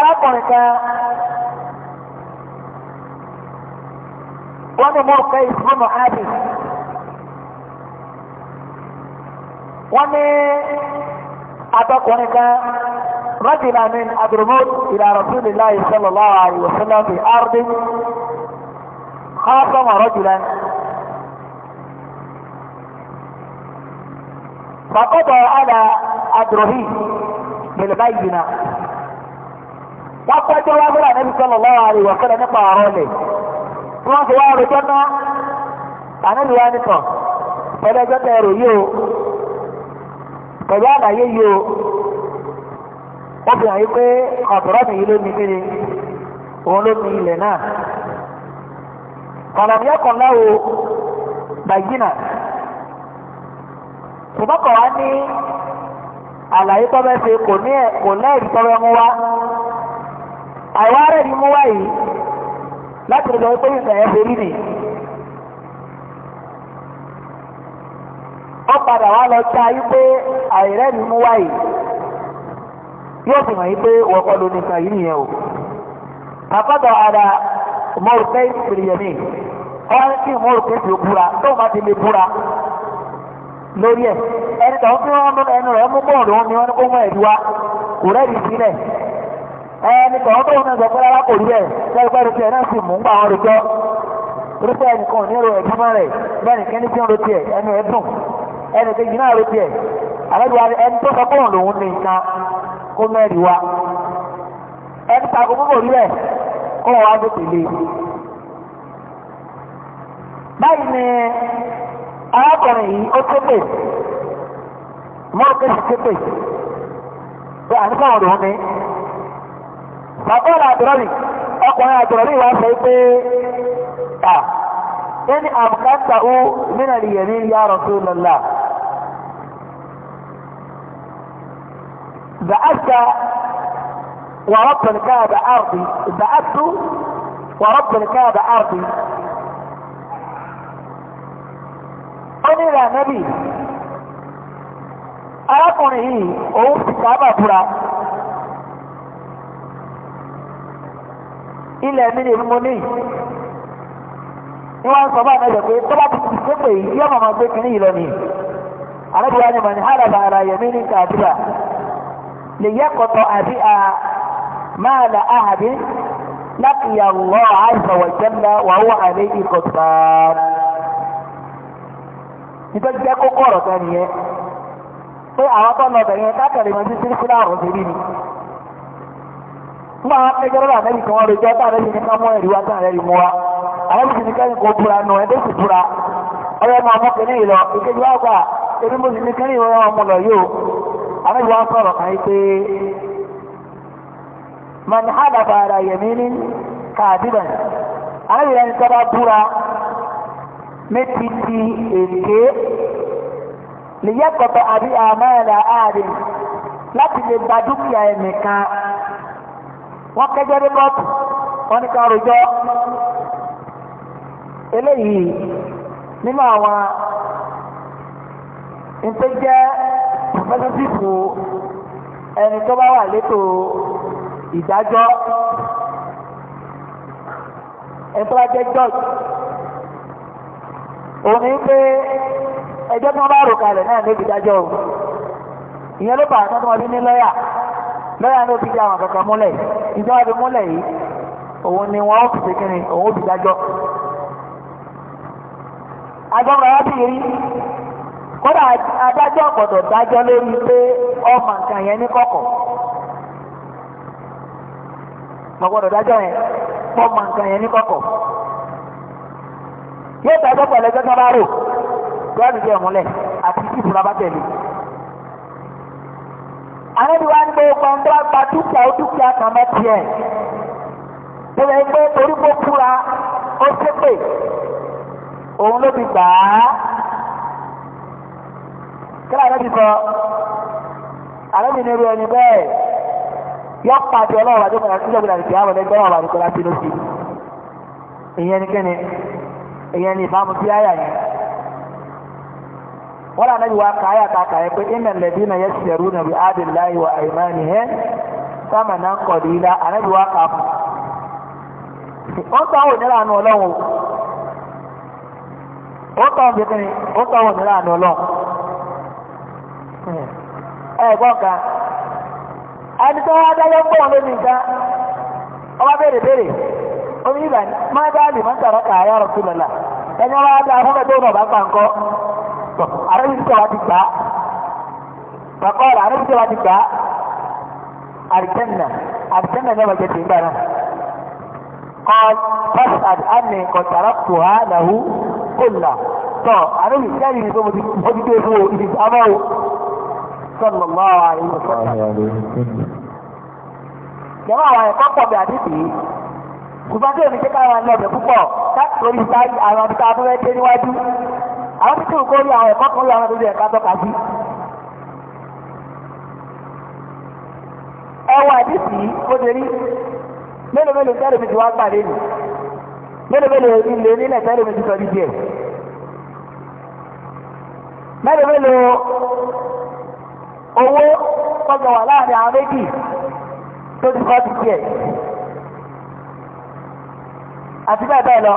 arákùnrin kan. وانا ما كيف هنا عادي وانا اتاك وانك رجل من ادرمود الى رسول الله صلى الله عليه وسلم في ارض خاصم رجلا فقضى على ادره بالبينة وقد رأى النبي صلى الله عليه وسلم قارونه wọ́n fi wá rojọ́ náà àníbi wá nìkan pẹ̀lú ẹjọ́ tẹ ẹrù yìí o pẹ̀lú àlàyé yìí o wọ́n fi hàn yí pé ọ̀tọ̀rọ̀ mi yìí ló ní kíni òun ló ní ilẹ̀ náà kọ̀lọ̀mù yẹ kọ̀ láwo bàyínà ṣùgbọ́n kọ̀ wá ní àlàyé tọ́bẹ̀ kò ní ẹ̀ kò lẹ́ẹ̀rí tọ́bẹ̀ mú wá àìwá rẹ̀ ni mú wá yìí. láti lọ pé ìsàn yẹn ṣe rí nì. padà wá lọ pé àìrẹ́ mú wáyé yóò fi hàn yí pé wọ́kọ́ ló nìyẹn o. àkọ́dọ̀ ara mọ̀rùkẹ́ ìpìlẹ̀mí wọ́n kí mọ̀rùkẹ́ ti búra tó má ti lè búra ẹ̀ ẹni tàwọn ẹnu rẹ̀ mú bọ́ọ̀lù wọn ni wọ́n kó kò rẹ́ẹ̀dì sílẹ̀. ẹni kọ̀ọ̀ tó ń sọ pé rárá kò rí ẹ̀ lẹ́gbẹ́ rẹ̀ tiẹ̀ náà sì mú gbà wọn rẹ̀ jọ rúfẹ́ ẹnìkan ò ní ro ẹ̀dùn mọ́ rẹ̀ bẹ́ẹ̀ni kẹ́ni tí ń ro tiẹ̀ ẹnu ẹ̀dùn ẹnì kejì náà ro tiẹ̀ àlejò ẹni tó sọ pé òun lòun ní nǹkan kó mẹ́rin wa ẹni tako púpọ̀ rí ẹ̀ kó wọn wá tètè lé báyìí ni arákùnrin yìí ó tépè mọ́ọ̀kẹ́sì tépè pé àníkàn òun ní bàbá àdúrọ́rì ọkùnrin àdúrọ́rì wà sọ pé à ní àbùkátà ó nínà ìyẹ̀rí ya Rasulullah da'atta wa rabbal kaaba ardi da'attu wa rabbal kaaba ardi ó ní ìrànẹ́bì arákùnrin yìí òun ti kábà búra ilẹ̀ mi nìlú mo ní ní wọ́n sọ bá ẹ̀mẹ́jọ pé tó bá ti ti ṣe pé yíyọ́ màmá gbé kìíní yìí lọ ni àrẹ́bíwá ni mọ̀ ní hàràbà ara yẹ̀mí ní kàdúrà lè yẹ àbí a máa là áhàbí láti yà lọ́ àìsàn wà wà àlẹ́ ikọ̀ nítorí jẹ́ kókó ọ̀rọ̀ kan nìyẹn pé àwọn tó lọ bẹ̀rẹ̀ sí nígbà wọn pẹ́jọ́ lọ́wọ́ àmẹ́rì kan wọ́n rẹ̀ jọ́ táwọn ẹ̀rí nìkan mọ́ ẹ̀rí wa táwọn ẹ̀rí mú wa àwọn ẹ̀rí nìkan kò búra nù ẹ̀ dẹ́sì búra ọ̀rẹ́ mọ ọmọkùnrin yìí lọ ìkejì wa gbà èmi mo sì ní kẹ́rin ìwé ọmọ lọ o àmẹ́rì wa sọ̀rọ̀ kan pé mọ̀nì hàdàfà ara yẹ̀mí ní kàdíbẹ̀ àmẹ́rì ẹni tọ́ bá búra méjì ti èké lè yẹ kọ̀tọ̀ àbí àmọ́ ẹ̀rà áàrin láti lè gba dúkìá ẹnìkan wọ́n kẹ́jẹ́ dé kọ́ọ̀tù wọ́n ní ká rojọ́ eléyìí nínú àwọn nípa jẹ́ ẹni tó bá wà létò ìdájọ́ ẹni tó òun ní pé ẹjọ́ tí wọ́n bá rò kalẹ̀ náà lọ́yà náà fi jẹ́ àwọn kankan múlẹ̀ ìjọba fi múlẹ̀ yìí òun ni wọn fi ṣe kíni òun fi dájọ́. agbọ́n sì rí kódà adájọ́ ọ̀pọ̀tọ̀ dájọ́ lórí pé ọmọ nǹkan yẹn ní kọ̀kọ̀ mo dájọ́ yẹn mo mọ nǹkan yẹn ní kọ̀kọ̀ yóò dájọ́ àrẹ́bí wá ń gbé kọ́ńtà gba dúkìá ó dúkìá kan mẹ́tì ẹ̀ bóyá pé torí kó kúra ó ṣépè òun ló fi gbà á kílà àrẹ́bí sọ àrẹ́bí ní irú ẹni bẹ́ẹ̀ yọ pàdé ọlọ́wọ́ àti ọmọdé sílẹ̀ gbọdọ̀ àti àwọn ẹgbẹ́ ọmọdé kọ́lá sínú sí ìyẹn ni kíni ìyẹn ni ìbámu sí àyà yẹn. wala àná ìwà káyà kàkà yẹ pé iná lẹ́bí náà yẹ ṣẹ̀rú wa àìmáni hẹ́ sáàmà náà kọ̀ ka la ta wà kà fún. ó O àwọn òníra àánú o ó sọ àwọn ẹ gbọ́n kan ẹni tó wá lónìí nǹkan ọba béèrè béèrè omi ìgbà máa dá lè máa ń tàrà kàáyà rọ̀ tọ̀ àrẹ́bíṣẹ́ wa ti gbà á bàbá ọ̀rọ̀ àrẹ́bíṣẹ́ wa ti gbà á àrìjẹ́nà àrìjẹ́nà ní ọ̀bàjẹ́ tì ń gbà náà. قال فاسأل أني قد تركتها له كلها tọ àdébì sẹ́yìn ní sọ́mọ́ ti dé fún o ìdí amáwò sallallahu alaihi wasallam. jẹ́wọ́ àwọn ẹ̀kọ́ pọ̀ bí àdébì yìí ṣùgbọ́n púpọ̀ láti orí ìta àwọn ọ̀dọ́ abúlé dé níwájú àwọn tó kò rí àwọn ẹ̀kọ́ kan láwọn ẹ̀ka tọ́ka sí. ẹwà àdìsí ti mélòó mélòó tẹ́lẹ̀ mi ti wá pàdé nì mélòó mélòó ilé nílẹ̀ tẹ́lẹ̀ mi ti sọ dídí mélòó mélòó owó tọ́jọ wà láàrin àwọn méjì tó ti àti bẹ́ẹ̀ bẹ́ẹ̀ lọ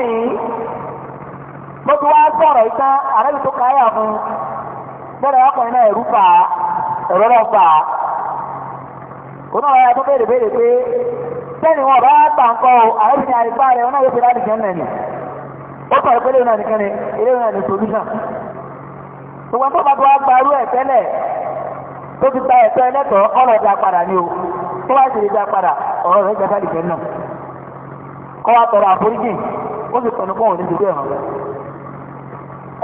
yìí ti wá sọ̀rọ̀ yìí tán àrẹ́bí tó káyà fún bọ́dọ̀ ọkùnrin náà ẹ̀rú fà á ẹ̀rọ náà fà á kò náà wáyà tó béèrè béèrè pé sẹ́ni wọn bá gbà ń kọ́ àrẹ́bí wọn náà yóò fi láti ó gbogbo tó bá tó wá gba irú ẹ̀ tẹ́lẹ̀ tó ti gba ẹ̀tọ́ wọ́n sì tọ̀nù fún òní ti bẹ́ẹ̀ mọ́.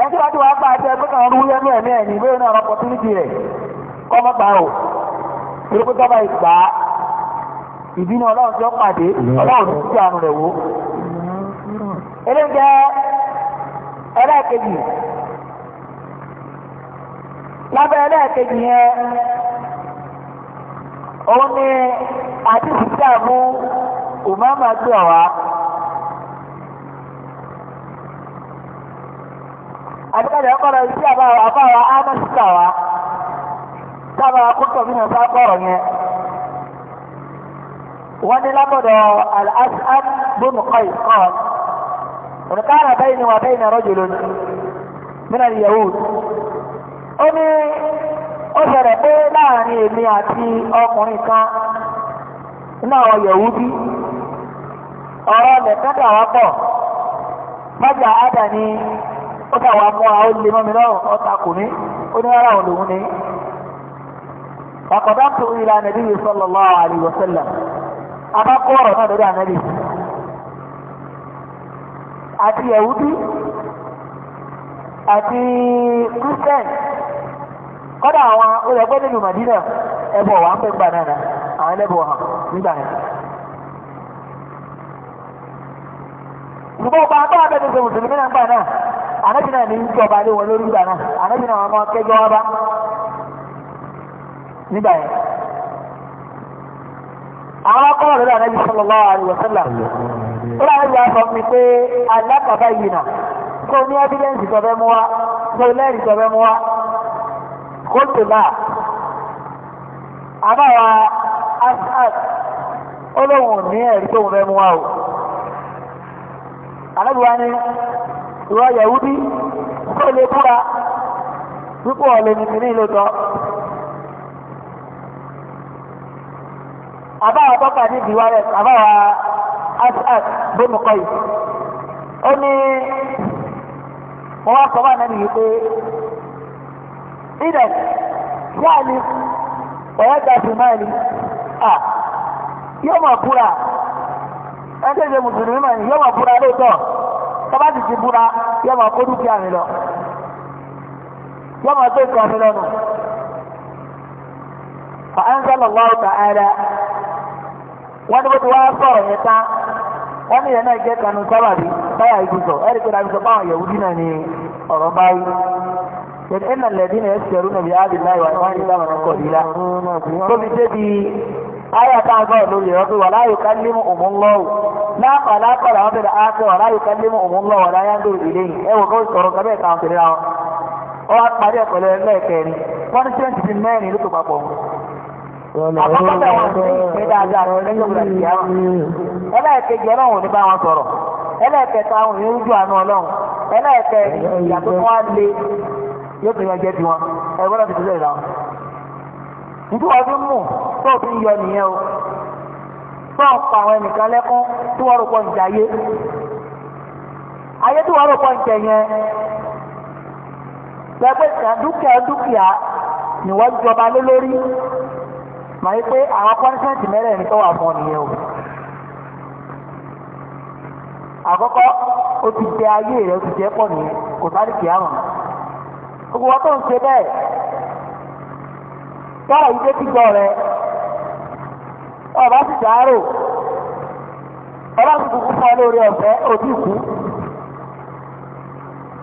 ẹni tí wàá ti wàá bá a jẹ pé kàn rú yẹn mẹ́ẹ̀mí ẹ̀ ní ìbéèrè náà opportunity rẹ̀ kọ́ mọ́ gbà o torí pé tọ́ba ìgbà ìbínú ọlọ́run tí ó pàdé ọlọ́run ti ti àánú rẹ̀ wò. eléyìí jẹ́ ẹlẹ́ẹ̀kejì lábẹ́ ẹlẹ́ẹ̀kejì yẹn òun ni àdìsí tí a mú òmàmà ọ̀wá. àbíkàlẹ̀ ọkọ̀rọ̀ sí àbáwa ámàṣíṣà wa sábàá kótó bí wọn bá kọ̀rọ̀ yẹn wọ́n ní lábọ̀dọ̀ al-As'ad bin Qais qala in kana bayni wa bayna rajulun min al-Yahud ó ní ó ṣẹlẹ̀ pé láàrin èmi àti ọkùnrin kan nínú àwọn Yahudi ọ̀rọ̀ lẹ̀kẹ́dà wá pọ̀ fájà ádà ní ó kà wá fún wa ó lè mọ́ mi lọ́rùn ọ̀tà kò ní ó ní ara òun lòun ní. فقدمت إلى النبي صلى الله عليه وسلم أبا قورة نادر النبي àti yahudi àti christian kọ́dà àwọn olùgbé nínú Madina ẹ̀bọ̀ wà ń pè gbà náà àwọn ẹlẹ́bọ̀ hàn nígbà yẹn. ṣùgbọ́n ọba abẹ́ àbẹ́tẹ̀sẹ̀ mùsùlùmí náà gbà náà ànábì náà ní ìjọba lé wọn lórí ìgbà náà ànábì náà wọn máa kẹjọ wá bá nígbà yẹn. àwọn akọ́wọ̀ lórí ànábì sallallahu alaihi wasallam lórí ànábì wa sọ fún mi pé alákàbá yìí nà kó ní ẹ́bídẹ́ǹsì tọ́fẹ́ mú wa kó lẹ́rìí tọ́fẹ́ mú wa kó tó bá àbáwa asad ó lóun ò ní ẹ̀rí tóun fẹ́ wa o ànábì wa ní ìwọ yahudi kó lè búra dípò ọ̀lẹ́ nìkìní ló tọ́. àbá àbọ́pà níbi wa rẹ̀ àbá wa asad bónukọ yìí ó ní wọ́n wá sọ wà nẹ́nu yìí pé ìdẹ̀ yáà ni ọ̀yá gàdùn à yóò mọ̀ búra ẹgbẹ́ ìṣe mùsùlùmí mà yóò mọ̀ búra lóòótọ́ bá sì ti búra yọ máa kó dúkìá mi lọ yọ máa gbé nǹkan mi lọ́nu. فأنزل الله تعالى wọ́n ní bó ti wá sọ̀rọ̀ yẹn tán wọ́n ní yẹn náà jẹ́ kanu sábàbí báyà ibùsọ̀ ẹ̀rí pé dàbí sọ báwọn yahudi náà ní ọ̀rọ̀ báyìí yẹn ẹ̀nà lẹ́dí náà ẹ̀sì ẹ̀rú nàbí ábìláyà wọ́n ní sábà náà kọ̀ nílá tóbi débi aya ta bọ̀ lórí wọn pé wàlá yóò kálí mu òun lọ́wọ́ lápá lápá làwọn bẹ̀rẹ̀ á pé wàlá yóò kálí mu òun lọ́wọ́ láyé ń bèrè ilé yìí ẹwọ kó sọ̀rọ̀ kọ́ bẹ́ẹ̀ káwọn tẹ̀lé wọn. ó wá ti mẹ́rin ló tó papọ̀ àkọ́kọ́ bẹ̀ ní bá wọn sọ̀rọ̀ àánú ọlọ́run ìyàtọ̀ wọn yóò tó jẹ́ bí wọn ti fi nítorí wọ́n fi ń mú tó fi ń yọ nìyẹn o tó ń pa àwọn ẹnìkan lẹ́kún tí wọ́n rò pọ̀ ń jayé ayé tí wọ́n rò pọ̀ ń jẹ yẹn lẹ́gbẹ́ dúkìá dúkìá ni wọ́n jọba lé lórí màá yí pé àwọn pọ́nísẹ́ǹtì mẹ́rẹ̀ẹ̀rin tó wà fún ọ nìyẹn o àkọ́kọ́ ó ti jẹ ayé rẹ̀ ó ti jẹ́ pọ̀ nìyẹn kò sáré kìá mọ̀ gbogbo wọn tó ń ṣe bẹ́ẹ̀. sára ìdé tìgbọ́ rẹ ọba ti dàárò ọba ti kúkú ọ lórí ọ̀fẹ́ òbí kú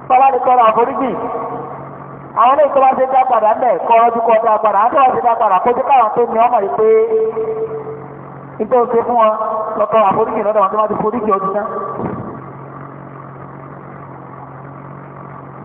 tọ́lá ni kọ́ra àforíjì àwọn ilé ìtọ́wá ṣe dá padà ń bẹ̀ kọ́ ọdún kọ́ àti wọ́n se dá padà kó jẹ́ káwọn tó ní ọmọ yìí pé nítorí fún wọn àforíjì lọ́dọ̀ wọn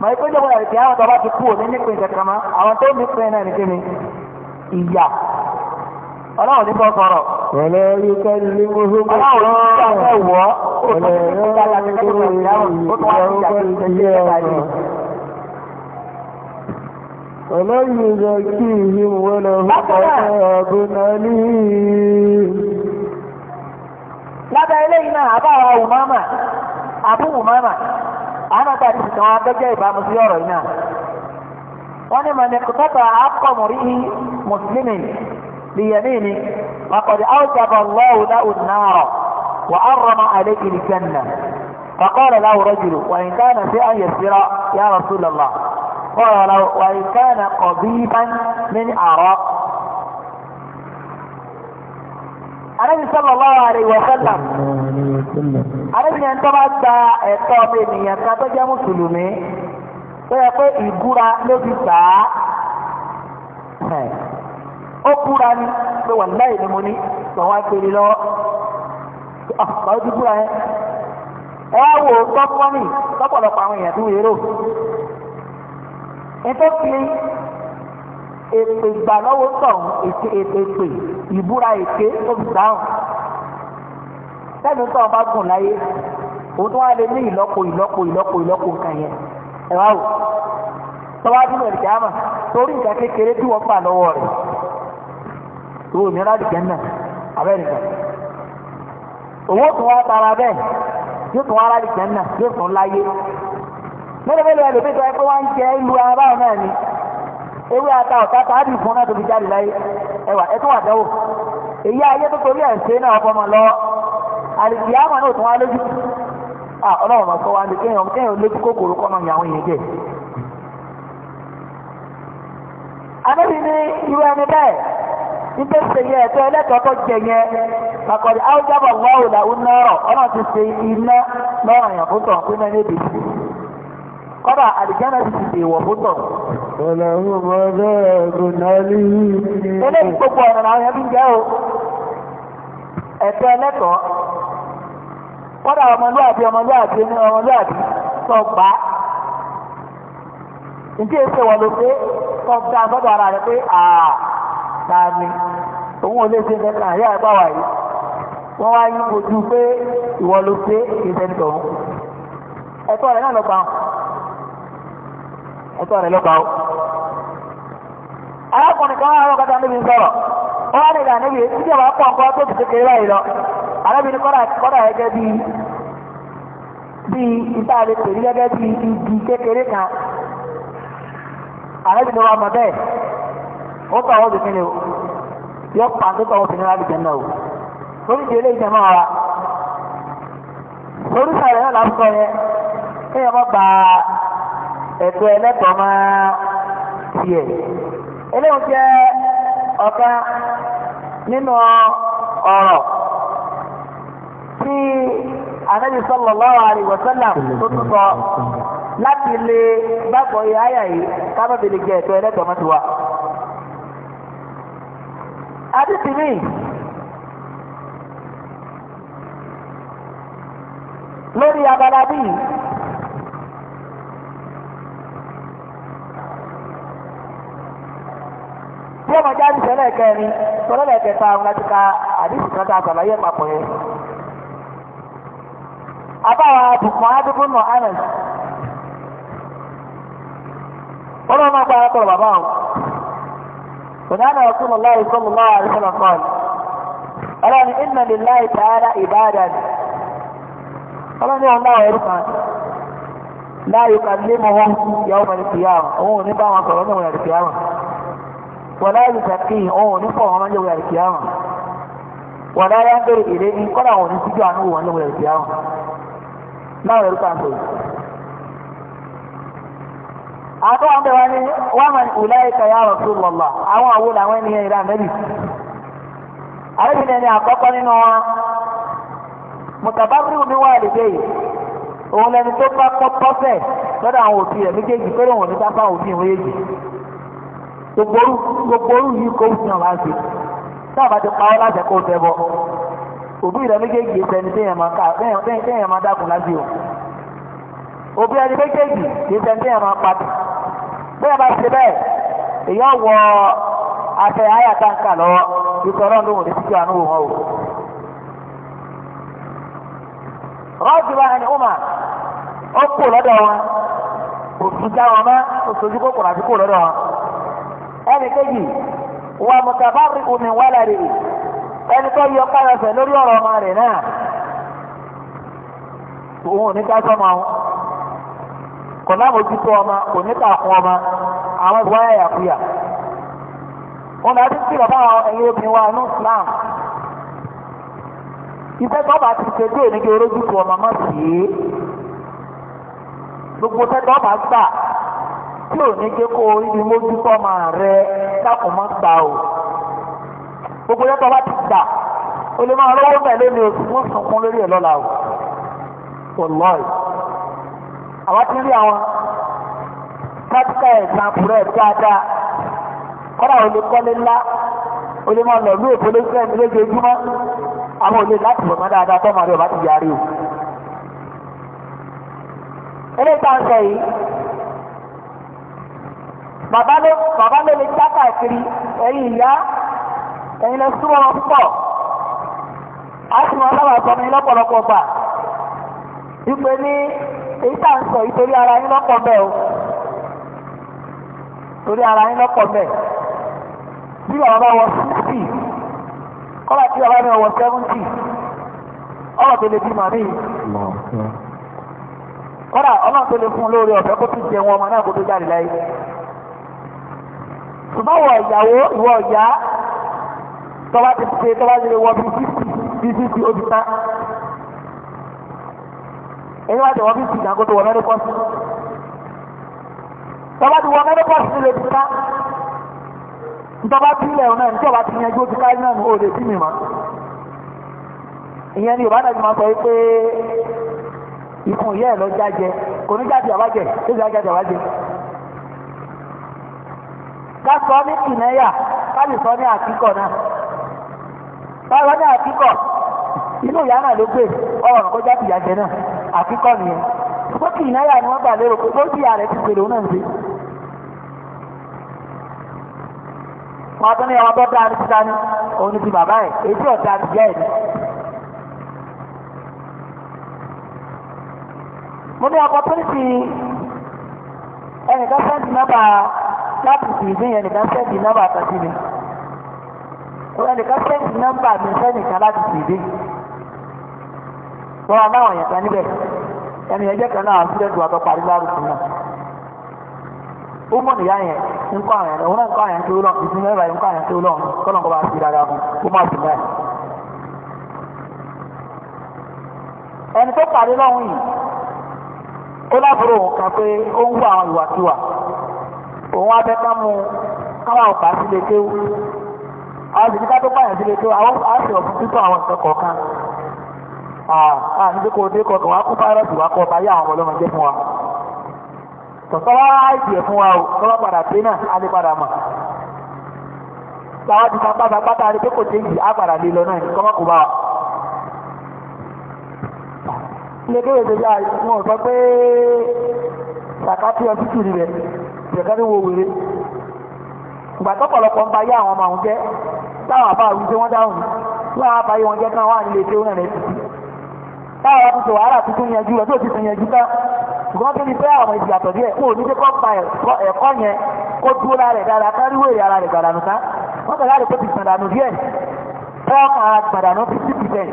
mọ̀ ẹ́ pé jọba ìrìkì àwọn tọ́ba ti kú òní nípìn kankan mọ́ àwọn tó nípìn náà nìkan ni ìyà ọlọ́run ní bọ́ sọ̀rọ̀. Wọ̀lẹ́ yíká ilé gbogbo gbogbo. Ọlọ́run ní bọ́ sọ̀rọ̀ wọ́. Wọ̀lẹ́ yíká kí ìhìn wọlé ọ̀hún ọ̀gbọ́n náà ní. Lábẹ́ ilé iná àbára Umama, Abu Umama, أنا tàbí ti wọn abẹ́jẹ́ ìbámu sí ọ̀rọ̀ yìí náà wọ́n ní mọ̀nì kùtàtà àkọ̀mùrí أوجب الله له النار وحرم عليه الجنة فقال له رجل وإن كان شيئا يسيرا يا رسول الله قال له وإن كان قضيبا من عراق Ànábì sallallahu alaihi wa sallam. Ànábì yẹn tó bá gba ẹ̀tọ́ ọmọ ènìyàn kan tó jẹ́ mùsùlùmí tó yẹ pé ìbúra ló fi gbà á. Ó búra ni pé wà láì ni mo ní lọ́wọ́ akéde ah, lọ́wọ́. Báwo ti búra yẹn? Ẹ wá wo tọ́pọ́nì lọ́pọ̀lọpọ̀ àwọn èèyàn tó wérò. Ètò kiri èpè ìgbàlọ́wọ́ sọ̀hún èpè èpè èpè ìbúra èké olùdáhùn sẹ́ni tó ọba gùn láyé òun tó wá lé ní ìlọ́po ìlọ́po ìlọ́po ìlọ́po nǹkan yẹn ẹ wá wò tọ́wá nínú ẹ̀rìkẹ́ àmà torí nǹkan kékeré tí wọ́n gbà lọ́wọ́ rẹ̀ tó ò ní rádìkẹ́ náà abẹ́rìkẹ́ owó tó wá tara bẹ́ẹ̀ yóò tó wá rádìkẹ́ náà yóò tó láyé mẹ́rẹ̀mẹ́rẹ̀ ẹlòmíì tó ẹ ewu ata ọ̀tá tàbí fún náà tó fi ẹwà ẹtún wà dẹ́wò ayé tó torí ẹ̀ ń ṣe náà ọkọ̀ mọ̀ lọ àlìkì àmọ̀ náà tún wá lójú ọlọ́run kéèyàn kéèyàn lójú kòkòrò kọ́nà ní àwọn èèyàn jẹ́ anábì ní irú ẹni bẹ́ẹ̀ nígbà ẹ̀tọ́ ẹlẹ́tọ̀ọ́ tó jẹ yẹn áwùjábọ̀ Ọlọ́run ọ̀rọ̀ ẹ̀gùn náà ní. Olóòtú gbogbo ọ̀rọ̀ Òun ò ṣe nǹkan kan àyà ẹ̀gbá wà Wọ́n wá yí ojú pé ìwọ pé ìfẹ́ nìkan. Ẹ̀tọ́ rẹ̀ náà lọ ọ̀tọ̀ rẹ̀ ló kà ó. arákùnrin kan wà lọ́kàtà níbi sọ̀rọ̀ ó wá nílẹ̀ níbi tí ìjọba pọ̀ nǹkan tó ti kékeré báyìí lọ arábìnrin kọ́dà gẹ́gẹ́ bíi bíi ìta lè pè ní gẹ́gẹ́ bíi igi kékeré kan arábìnrin wa mọ̀ bẹ́ẹ̀ ó tọ̀ ọ́ bìkínni o yọ pàǹtó tọ̀ ọ́ bìkínni láti jẹ́ náà o lórí ìdílé ìjẹmọ́ wa lórí sàrẹ̀ náà lásìkò yẹn kéèyàn ẹ̀tọ́ ẹlẹ́tọ̀ọ́ máa tiẹ̀ eléyìí jẹ́ ọ̀kan nínú ọ̀rọ̀ tí anabi sallallahu alaihi wasallam tó tún sọ láti lè gbàgbọ́ yìí àyà yìí kábàbí lè jẹ ẹ̀tọ́ ẹlẹ́tọ̀ọ́ mọ́tò wa. àdìsí mi. lórí abala tí ọmọ jáde sẹ́lẹ̀ kẹrin na kẹta na láti ka àdìsí a sàlàyé papọ̀ yẹn. àbáwá bùkún adébùn nù anas wọn náà máa gba arákùnrin bàbá wọn. sọ̀nàdà ọ̀túnmọ̀ láì sọ́mu náà àrísọ́nà kan. ọlọ́ni ìnà lè láì tààrà ìbàdàn. ọlọ́ni ọ̀nà ẹ̀rù kan. láàyò kan lé mọ́ wọn yàwó mọ̀ wọ̀lá ìṣàkíyìn ọ̀hún nípa ọ̀hún ọjọ́ ìwé àìsí àwọn wọ̀lá yá ń bèrè èdè ní kọ́lá àwọn ní síjú àánú wọn lọ́wọ́ àìsí àwọn náà rẹ̀ rúkà sọ̀rọ̀. àbọ̀ àwọn bẹ̀rẹ̀ ni wọ́n yá lọ́lá àwọn ènìyàn àrẹ́bìnrin àkọ́kọ́ nínú wọn mùtàbábírù mi wà lè gbogbo orú gbogbo orú yìí kò sí ọ̀la ṣe sábà ti pa ọ́ láṣẹ kó tẹ bọ òbí rẹ méjèèjì ìsẹni téèyàn máa dákun láti o òbí ẹni méjèèjì ìsẹni téèyàn máa pàtó bẹ́ẹ̀ bá ṣe bẹ́ẹ̀ èèyàn wọ àtẹ àyàtàǹkà lọ́wọ́ ìtọ́rọ̀ lóhùn ní títí àánú wọn o. rọ́ọ̀dù wa ẹni ọmọ ó kò lọ́dọ̀ wọn òtún wọn mọ́ òtún ojú kòkòrò àti kò ẹnì kejì wà mùtàbárì omi wàlà rè ẹni tó yọ kárẹsẹ̀ lórí ọ̀rọ̀ ọmọ rẹ̀ náà òun ò ní ká sọ́mọ àwọn kò náà mójútó ọmọ kò ní ká kún ọmọ àwọn ìwà ẹ̀yà kúyà wọn náà ti kìlọ̀ fáwọn ẹ̀yìn obìnrin wa ní Islam iṣẹ́ tó bá ti ṣe dé ní kí orójútó ọmọ mọ̀ sí gbogbo iṣẹ́ bá gbà tí ò ní jẹ́ kó ibi mójútó ọmọ rẹ dákun mọ́ gbà o gbogbo yẹtọ̀ bá ti gbà o lè máa lọ́wọ́ bẹ̀ lé ní oṣù fún sunkún lórí ẹ̀ lọ́la o wọlọ́ọ̀ì àwa ti rí àwọn pátíkà ẹ̀sán àpùrẹ́ dáadáa kọ́dà ò lè kọ́lé ńlá o lè máa lọ ní òpólé sẹ́yìn lójoojúmọ́ àwọn olè láti bọ̀ mọ́ dáadáa tọ́mọ rẹ̀ ọba ti yarí o. eléyìí tá à ń sọ yìí bàbá ló lè já káàkiri ẹ̀yin ìyá ẹ̀yin lè súnmọ́ wọn púpọ̀ a sì máa sábà sọ mi lọ́pọ̀lọpọ̀ gbà wípé ní ń sọ ara yín lọ́pọ̀ o torí ara yín lọ́pọ̀ bẹ́ẹ̀ bí bàbá bá wọ sixty kọ́lá tí bàbá mi wọ seventy ọ̀rọ̀ tó lè bí màmí kọ́lá tó lè fún ọ̀fẹ́ kó tún jẹun ọmọ náà kó ṣùgbọ́n wọ ìyàwó ìwọ ìyá tọ́wá ti ṣe tọ́wá ti lè wọ bí fífi fífi ojú tán èyí wá ti wọ fífi ìdàgbò tó wọ mẹ́rẹ́kọ́sì tọ́wá ti wọ mẹ́rẹ́kọ́sì nílé ti tán ntọ́ba tí ilẹ̀ ọ̀nà ní tọ́ba ti yanjú ojú káyọ̀ náà ní òde tí mi mọ̀ ìyẹn ni yorùbá náà ti máa sọ pé ikùn ìyá ẹ̀ lọ jájẹ kò ní jáde àwájẹ ló jáde àwájẹ. ká sọ ní kìnẹ́yà ká lè sọ ní àkíkọ̀ náà báwo ní àkíkọ̀ inú ìyá náà ló gbé ọ̀rọ̀ kọjá náà àkíkọ̀ nìyẹn ṣùgbọ́n kìnẹ́yà ni wọ́n gbà lérò pé lójú ìyá rẹ̀ ti òun náà ń wọn tún ní ọmọ tó dáa ní títa ní òun ti bàbá ẹ̀ èyí láti fi ìdí yẹn nìkan sẹ́ẹ̀dì nọ́mbà kan mi òun ẹnìkan sẹ́ẹ̀dì nọ́mbà mi sẹ́nìkan láti fi ìdí wọ́n wá láwọn èèyàn kan níbẹ̀ ẹni ẹjẹ́ kan náà sílẹ̀dù àtọ́ parí lárúkú náà ó nìyá yẹn ń àwọn ẹ̀rọ òun náà àwọn ẹ̀rọ tó ìdí mẹ́fà ń àwọn ẹ̀rọ tó kọ́nà kọ́ bá fi dáadáa fún kó má fi ẹni tó parí lọ́hùn yìí ó lábúrò kan pé ó ń wá àwọn òun wá bẹ́ kán káwá ọ̀pá sílé kéwú àwọn sì ní ọtụtụ tó pààyàn sílé kéwú àwọn àṣẹ ọ̀fun àwọn nǹkan kọ̀ọ̀kan àní pé kò dé kọ̀ọ̀kan wá kó o padà náà á lè padà mọ̀ ti pé kò lọ náà bá wa. ilé kéwèé ìjẹ̀kẹ́ ní wo wèrè ìgbà tọ́pọ̀lọpọ̀ ń bayé àwọn ọmọ àwọn jẹ́ táwọn àbá àrùn tí wọ́n dáhùn láwọn abayé wọn jẹ́ káwọn ànílé tí ó rẹ̀ rẹ̀ títí táwọn àtúntò wàhálà tuntun yẹn ju ẹ̀ tó ti tún yẹn ju ká ṣùgbọ́n kí ni pé àwọn ìjìyàtọ̀ díẹ̀ kó o ní kó pa ẹ̀kọ́ yẹn kó dúró lára ẹ̀ dára káríwé ìyá ara rẹ̀ gbàdánù ká wọ́n kàn láti kó ti gbàdánù díẹ̀ tọ́ọ̀kà gbàdánù fifty percent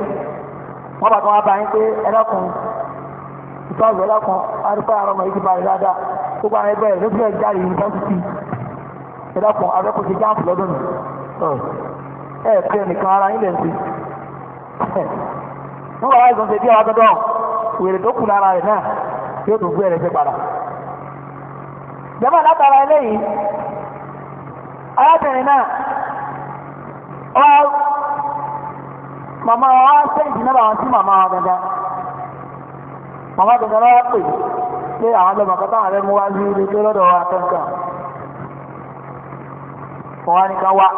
wọ́n bàtà wọn bá yín pé ẹlẹ́kùn ìtọ́jú ẹlẹ́kùn adúgbò àrọ́mọ ìdìbò àrídáadáa tó bá rẹ bẹ́ẹ̀ lójú ẹ̀ yunifásitì ìdápọ̀ abẹ́kọ̀ọ́sẹ̀ jáàpù lọ́dún nù ẹ̀ pé ẹnìkan ara yín lẹ̀ wọ́n bá wáyé bí wèrè tó kù lára rẹ̀ náà gbé padà jẹ́mọ̀ látara eléyìí arábìnrin ọ màmá wa náà bá wọn sí màmá wa màmá lọ́wọ́ pé àwọn lọ́mọ kan táwọn rẹ wá sí ilé lọ́dọ̀ wa ká wá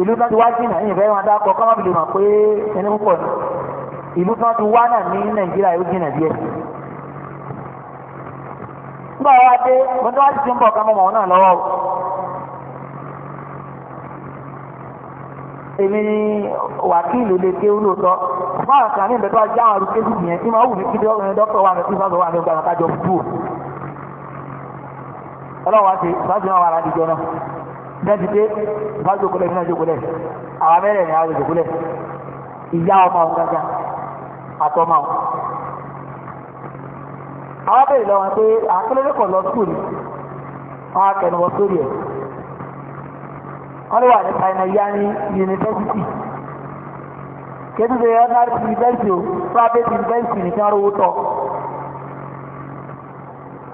ìlú náà wọn dákọ̀ ẹni púpọ̀ ni ìlú tí ti wá náà ní nàìjíríà yóò jìnà díẹ̀ nígbà wá dé mo ní wá sí ti ṣe mí ní wàkíìlì lè ké lóòótọ́ fún àwọn kan ní ìbẹ̀tọ́ ajá àrùn kéjì yẹn tí máa wù mí kí dókítà wà ní ìfàsọ̀ wà ní ọgbà àkájọ fúdù ọlọ́wà ti ìfàsọ̀ náà wà láti jọ náà bẹ́ẹ̀ pé ìfàsọ̀ òkúlẹ̀ ìfìnà ìjókòlẹ̀ àwọn mẹ́rẹ̀ ní àwọn ìjókòlẹ̀ ìyá ọmọ ọ̀gága àtọmọ àwọn bẹ̀rẹ̀ lọ́wọ́ pé àkọlẹ́lẹ́kọ̀ọ́ lọ skul ni wọ́n á kẹnu wọ sórí ẹ̀ wọ́n lè wà ní Pioneering University kéde ṣe nrc university o private university nìkan rówó tọ̀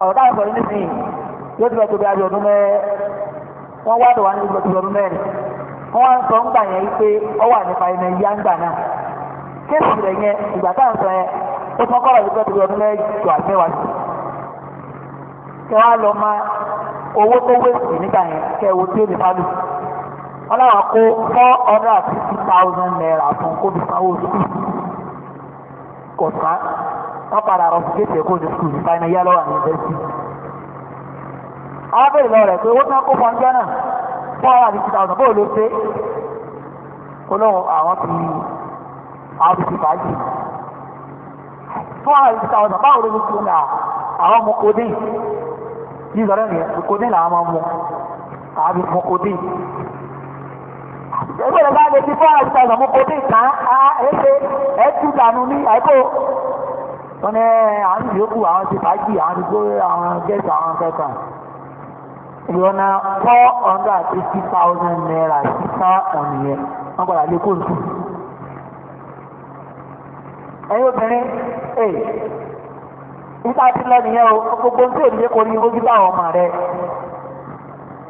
ọ̀rọ̀ táwọn ndị nísìnyí yóò ti bẹ̀ tóbi àjọ ọdún mẹ́ẹ́ wọ́n wá dọ̀ wá ní ìgbà tóbi ọdún mẹ́rin wọ́n wá ń sọ ọ wà ní Pioneering ńgbà lọ wọ́n láwọn kó four hundred and fifty thousand naira fún kó fi sanwó sùkúl kò sá wọ́n padà rọ sí kéde kó fi sùkúl ìfàyẹn náà yá lọ́wọ́ àmì ìfẹ́sì. àwọn abẹ́rẹ́ lọ rẹ̀ pé ó tán kó fọ́n jẹ́ náà four hundred and fifty thousand bóòlù ṣe olóhùn àwọn ti àwọn ti fàájì four hundred and fifty thousand báwo ló ti ń àwọn ọmọ kò yìí sọ̀rọ̀ nìyẹn kò dín làwọn ọmọ mu àbí fún kò dín èmi ìrọ̀lá lè fi fún àìsàn ọ̀nà mú kó ní ìtàn á ẹ̀ṣẹ̀ ẹ̀tú dànù ní àìkó. wọ́n ní àwọn ìyókù àwọn ti fàájì àwọn àdúgbò àwọn gẹ̀ẹ́sì àwọn kẹta. ìrọ̀nà four hundred and fifty thousand naira sísá ọ̀nìyẹn wọ́n padà lé kóòtù. ẹ̀yin obìnrin ee níta ti lọ nìyẹn o gbogbo ń tẹ̀ ní kò ní ojú báwọn ọmọ rẹ̀.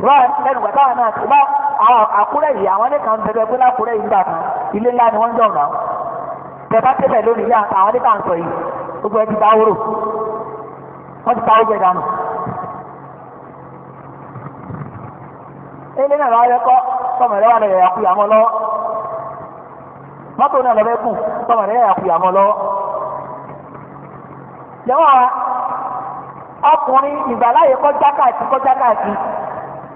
rọ́ọ̀ lẹ́nu bàbá náà ti bá àwọn àkúrẹ́ yìí àwọn nìkan bẹ̀rẹ̀ pé lákúrẹ́ yìí gbàgbọ́ ilé ńlá ni wọ́n jọ̀ náà bẹ̀rẹ̀ bá tẹ̀lé lónìí yá àwọn nìkan sọ yìí gbogbo ẹ ti ta wúrò wọ́n ti ta oúnjẹ dànù. ilé náà lọ́wọ́ lẹ́kọ́ sọmọ rẹ̀ wà lọ yẹ̀yà kuyà mọ́ lọ́wọ́ mọ́tò náà lọ́wọ́ kù sọmọ rẹ̀ yẹ̀yà kuyà mọ́ lọ́wọ́. jẹ́wọ́ ọkùnrin ìgbàláyè kọjá káàkiri kọjá káàkiri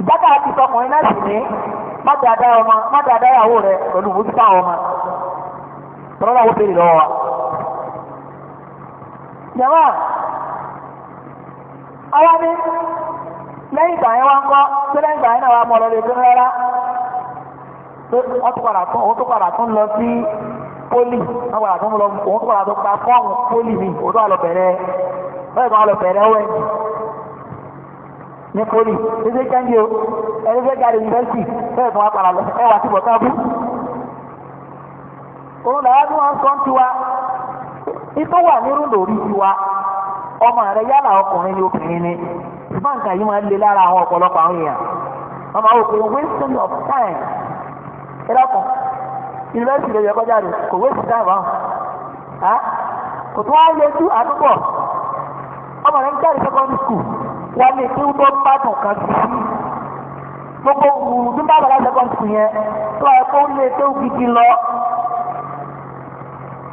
ìjákà àti ìtọkùnrin náà sì ní májà dá ọmọ májà dá ìyàwó rẹ pẹ̀lú mójútó àwọn ọmọ tọ́lá wo béèrè lọ́wọ́ wa. jàmá àwa ní lẹ́yìn ìgbà yẹn wá ń kọ́ tó lẹ́yìn ìgbà yẹn náà wà á mọ̀ lọ́dẹ tó ń rárá wọ́n tún padà tún òun tún padà tún lọ sí pólì wọ́n padà tún lọ òun tún padà tún pa fọ́ọ̀mù pólì mi òun tún wà lọ bẹ̀rẹ̀ bẹ́ẹ̀ tún wà lọ bẹ̀rẹ̀ wẹ́ẹ̀dì. ní kórì ẹgbẹ́ o ẹgbẹ́ gàdé yunifásitì bẹ́ẹ̀ tó wá padà lọ ẹ wà sí bọ̀ tán òun làwọn ní wọn sọ ń tiwa ìtò wà nírú lórí tiwa ọmọ rẹ yálà ọkùnrin ni obìnrin ni yìí máa ń lára àwọn of time ẹ yunifásitì lè yẹ kọjá rẹ kò waste time kò wá lé ju àdúgbò ọmọ rẹ ń wọ́n lè kí wọ́n bá kan sí i gbogbo wùrù ní bá bàbá sẹ́kọ̀ọ́ sùn yẹn tó ẹ kó lè e tó gidi lọ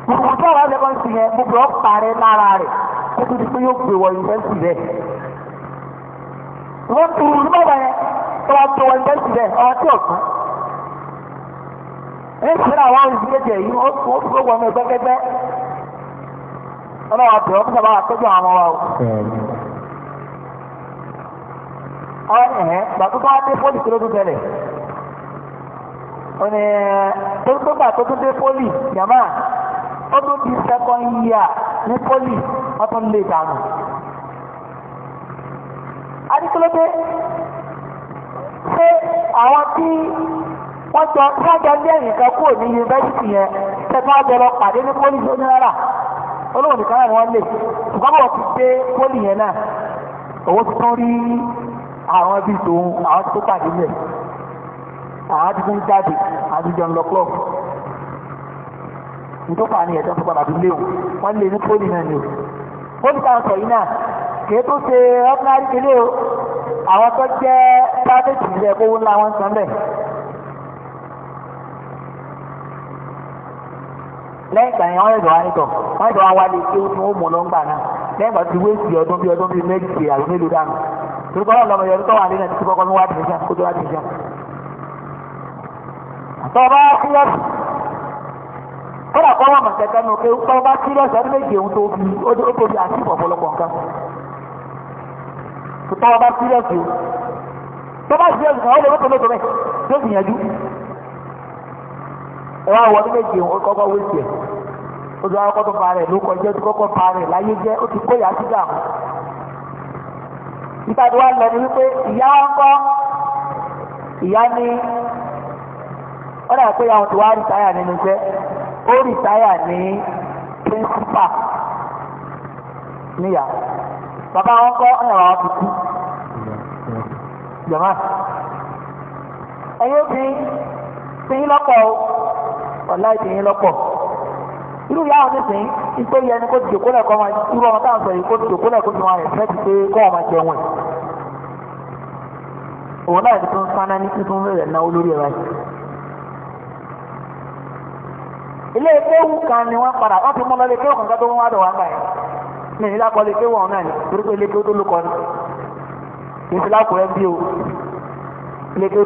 wùrù tó bàbá sẹ́kọ̀ọ́ sùn yẹn gbogbo ọ̀ parẹ́ lára rẹ̀ kó tó di pé yóò gbé wọ yunifásitì rẹ̀ wọ́n tu wùrù ní bàbá yẹn tó wà tó wọ yunifásitì rẹ̀ ọ̀ tí ọ̀kan ní sẹ́nà àwọn olùdíjẹ́ yìí ó fi wọ́n mẹ́gbẹ́gbẹ́ ọlọ́wà bẹ̀rẹ̀ ọ́ ọ̀hún gbàtú bá dé pólì kí ló tún tẹ̀lé ó ní tó tó gbà tó tún dé pólì yàmá ó tún di second year ní pólì wọ́n tún lè dànù. adékúlódé ṣé àwọn tí wọ́n jọ sájà lẹ́yìn kan kúrò ní yunifásitì yẹn tẹ̀sán àjọ lọ pàdé ní pólì tó ní rárá olóhùn nìkan náà ni wọ́n lè ṣùgbọ́n bọ̀ ti dé pólì yẹn náà òun ti rí àwọn bíi tòun àwọn tó pàdé lẹ̀ àwọn ti fún jáde àtijọ́ ńlọ club ìtọ́fà ni ẹ̀jọ́ tó padà bí léwu wọ́n lè ní pólì náà ni o pólì táwọn sọ yìí náà kì í tó ṣe ordinary kele o àwọn tó jẹ́ private ìlú ẹ̀kọ́ owó ńlá wọn san bẹ́ẹ̀. lẹ́yìn ìgbà yẹn wọ́n yẹ̀ dọ̀wá nìkan wọ́n yẹ̀ dọ̀wá wálé ewu tí wọ́n mú lọ́ngbà náà lẹ́yìn ìgbà tí wọ́n ti ọdún bíi ọdún bíi méjì àbí mélòó dànù turukọ lọ lọmọ yọrù tó wà nínú ẹtì kọkọ mi wá dìbò jẹ kó tó wá dìbò jẹ. àtọ́ba kílọ̀sì kódà kọ́ wọn mọ̀ kẹ́kẹ́ nù pé tọ́ba kílọ̀sì ọdún méje òun tó fi ó tóbi àti ìfọ̀pọ̀lọpọ̀ nǹkan. tọ́ba kílọ̀sì o tọ́ba kílọ̀sì kan ó lè mọ́tò lóto rẹ̀ tó sì yànjú. ẹ wá wọ ọdún méje òun kọ́kọ́ wé tiẹ̀ ó ti wá kọ́kọ́ tó parẹ̀ ló kọjá ó ti kọ́kọ́ parẹ̀ láyé jẹ́ ó ti kó yàtí dààmú ìpàdé wa lọ ní wípé ìyá ọkọ ìyá ní ọ̀dà pé àwọn tó wá rìtáyà nínú iṣẹ́ ó rìtáyà ní píríncípà níyà bàbá wọn kọ́ ọ̀nà àwọn fi kú jọ̀mọ́ ẹ̀yìn obìnrin fi yín lọ́pọ̀ ọ̀la ìfìyín lọ́pọ̀ irú láwọn nísìnyí ipe yẹn ni kó jòkó lẹ̀ kọ́ máa irú ọmọ táwọn sọ yìí kó jòkó lẹ̀ kó ti wọn ẹ̀fẹ́ ti pé kọ́ ọmọ jẹun ẹ̀ òun náà ti tún sáná ní títún rẹ̀ náwó lórí ẹ̀rọ yìí. ilé ìkéwù kan ni wọ́n padà wọ́n ti mú lọ ilé ìkéwù kankan tó ń wá dọ̀ wá ń gbà yẹn ní ìlú àkọlé ìkéwù náà ni torí pé ilé tó ló kọ́ ni kì í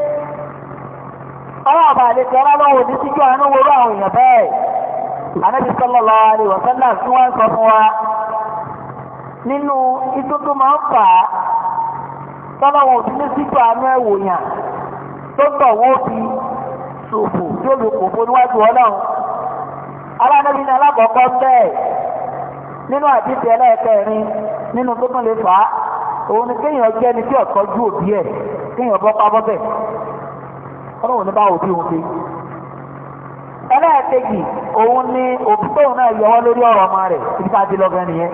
ọlọ́ọ̀bà àlejò ọlọ́lọ́wọ́ ní síjú àánú wọ́rọ́ àwọn èèyàn bẹ́ẹ̀ anábì sallallahu alaihi wasallam wọ́n sọ fún wa nínú itó tó máa ń fà á tọ́lọ́wọ́ òfin ní síjú àánú ẹ̀wòyàn tó wọ́n fi ṣòfò tí ó lè kòfó níwájú ọlọ́run ní alákọ̀ọ́kọ́ bẹ́ẹ̀ nínú àdìsí ẹlẹ́ẹ̀kẹrin nínú tó tún lè fà á òun ni kéèyàn jẹ́ ni tí òbí ẹ̀ kéèyàn bọ́ bẹ́ẹ̀ ọlọ́run ní báwo bí wọn pé ẹlẹ́ẹ̀kejì òun ni òbí tóun náà yọwọ́ lórí ọ̀rọ̀ ọmọ rẹ̀ ibi tá a ti nìyẹn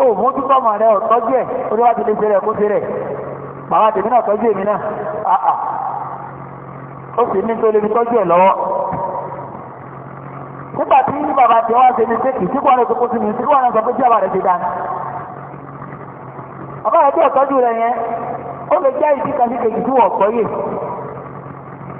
ó mú túbọ̀ ọmọ rẹ ọ̀tọ́jú ẹ̀ oríwájú lè ṣe rẹ̀ kó ṣe rẹ̀ bàbá tèmi náà tọ́jú èmi náà àà ó sì ní tó lè fi tọ́jú ẹ̀ lọ́wọ́ nígbà tí bàbá tí wọ́n ṣe ní tí wọ́n kó sí mi tí wọ́n sọ pé tí ti dá ní rẹ̀ tí ọ̀tọ́jú rẹ̀ yẹn ó lè jẹ́ ìdí kan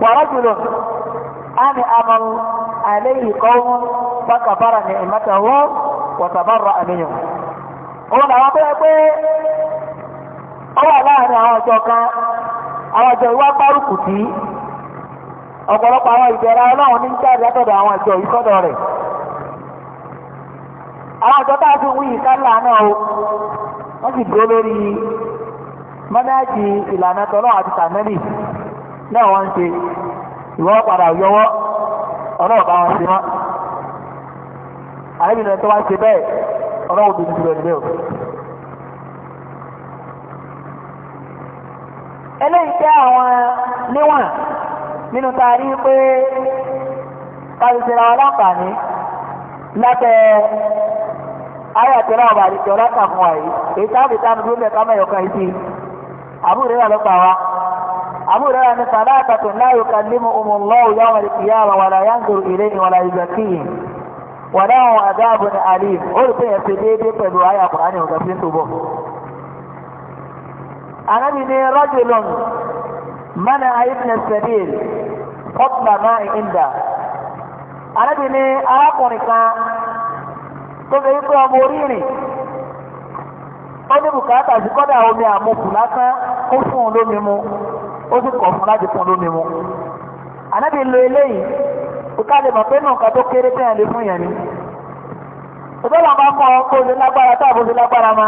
ورجل أنعم عليه قوم فكفر نعمته وتبرأ منهم òun làwọn tó yẹ pé ó wà láàrin àwọn ọjọ́ kan àwọn ọjọ́ ìwà gbárùkù tí ọ̀pọ̀lọpọ̀ àwọn ìbẹ̀rẹ̀ ọlọ́run ní jáde látọ̀dọ̀ a fi wí náà wọ́n ń ṣe ìwọ́n padà yọwọ́ ọlọ́ọ̀bá wọn ṣe mọ́ àyẹ̀bìnrin tó wá ṣe bẹ́ẹ̀ rẹ̀ o. eléyìí jẹ́ àwọn níwọ̀n nínú taari pé kàlùsìlà aláǹfààní lábẹ́ ayàtẹ̀lá ọba látàkùn àyè èyí táàbì táàbì yìí sí àbúrò rẹ̀ lọ́pàá Abu Hurairah ni salatatu la yukallimuhum Allahu yawma al-qiyamah wa la yanzuru ilayhim wa la yuzakkihim wa lahum adhabun alim. Ó rí pé ẹ̀sẹ̀ déédéé pẹ̀lú àyà Kùránì ọ̀gá fi ń túbọ̀. Ànábì ni rajulun mana ibn ó ní bùkátà sí kọ́dà omi lásán ó fún un lómi mu. ó sì kọ̀ fún láti fún lómi mu ànábì lo eléyìí kó ká lè pé tó kéré tẹ̀yàn lè fún yẹn ni ìbẹ́lẹ̀ máa kọ́ kó lágbára lágbára ma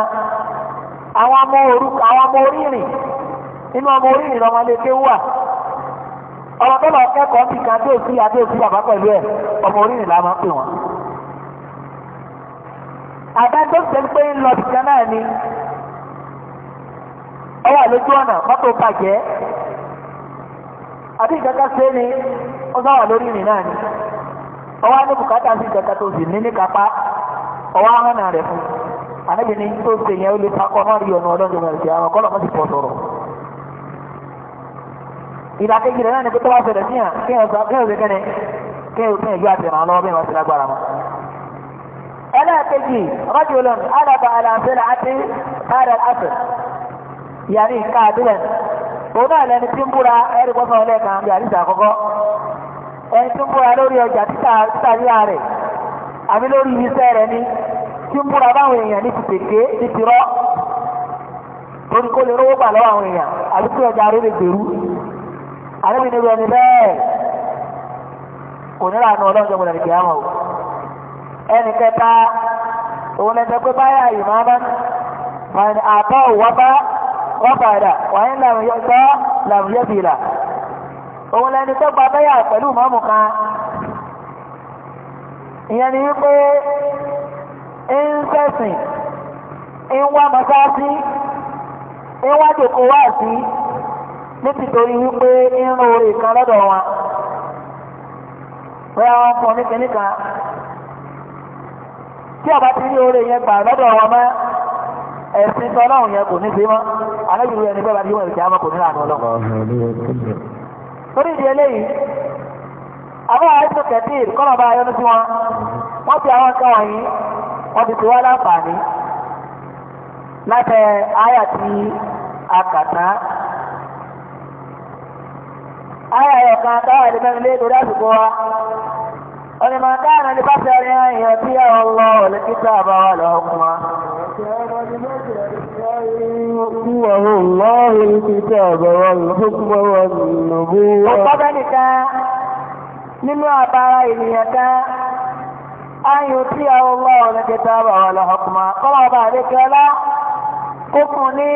àwọn ọmọ orí àwọn ọmọ nínú ọmọ orírìn lọmọ ilé ké wà ọmọ tó lọ kẹ́kọ̀ọ́ kan tó sí òsì bàbá pẹ̀lú ẹ̀ ọmọ orírìn la pè wọ́n. àdájọ́ pé ń lọ náà ni ọ̀nà àbí ìkẹ́kẹ́ ṣe ni ó lórí na náà ni ọwọ́ ní bùkátà sí ìkẹ́kẹ́ tó sì ní ní kápá ọwọ́ ahọ́nà rẹ̀ fún ni tó ṣe yẹn ó lè takọ náà rí ọ̀nà ọlọ́run ìgbà ìṣẹ́ àwọn kọ́lọ̀ mọ́sí ìdàkejì náà ni sí kí kẹ́ni kí lágbára mọ́ ẹlẹ́ẹ̀kejì òun náà lẹni tí ń búra ẹ̀rí gbọ́sọ̀ lẹ́ẹ̀kan bí àdìsá àkọ́kọ́ ẹni tí ń búra lórí ọjà títà ríà rẹ̀ àbí lórí iṣẹ́ rẹ̀ ni tí ń búra báwọn èèyàn ní ti pèké ní ti rọ́ torí kó lè rówó gbà lọ́wọ́ àwọn èèyàn àbí tí ọjà rẹ̀ lè gbèrú àdébí níbi ẹni bẹ́ẹ̀ kò ní lànà ọlọ́jọ́ gbọ́dọ̀ nìkẹ́ àmọ́ ẹni kẹta òun lẹ́sẹ̀ pé báyà ìmọ̀ ọ̀pàdà wàyín làwọn yọ sọ làwọn yọ bìlà òun lẹni tó gba báyà pẹ̀lú mọ́mù kan ìyẹn ni wípé ń sẹ̀sìn ń wá mọ́sáàsì ń wá jòkó wá sí nítorí wípé ń rán orí kan lọ́dọ̀ wọn wọ́n á fọ́ ní kìnnìkan tí ọba ti rí orí yẹn gbà lọ́dọ̀ wọn mọ́ ẹ̀sìn tọ́lọ́run yẹn kò ní sí mọ́ alábìrú ẹni bẹ́ẹ̀ bá ti wọ́n ìkẹ́ àmọ́ kò ní lànà ọlọ́run. torí ìdí eléyìí àwọn àìsàn kẹ̀tìr kọ́nà bá ayọ́nu sí wọn wọ́n ti àwọn nǹkan wọ̀nyí wọ́n ti ti wá láǹfààní àyà a kà tán. àyà táwọn lé lórí àsìkò wa. ولما كان لبشر ان يؤتيه الله الكتاب والحكم يؤتيه الله الكتاب والحكم والنبوة وقبلك nínú àbára ènìyàn kan ayò tí àwọn ọlọ́run ní kẹta àbà wà lọ́kùnmá kọ́lá ọba àdékẹ́ ọlá kó fún ní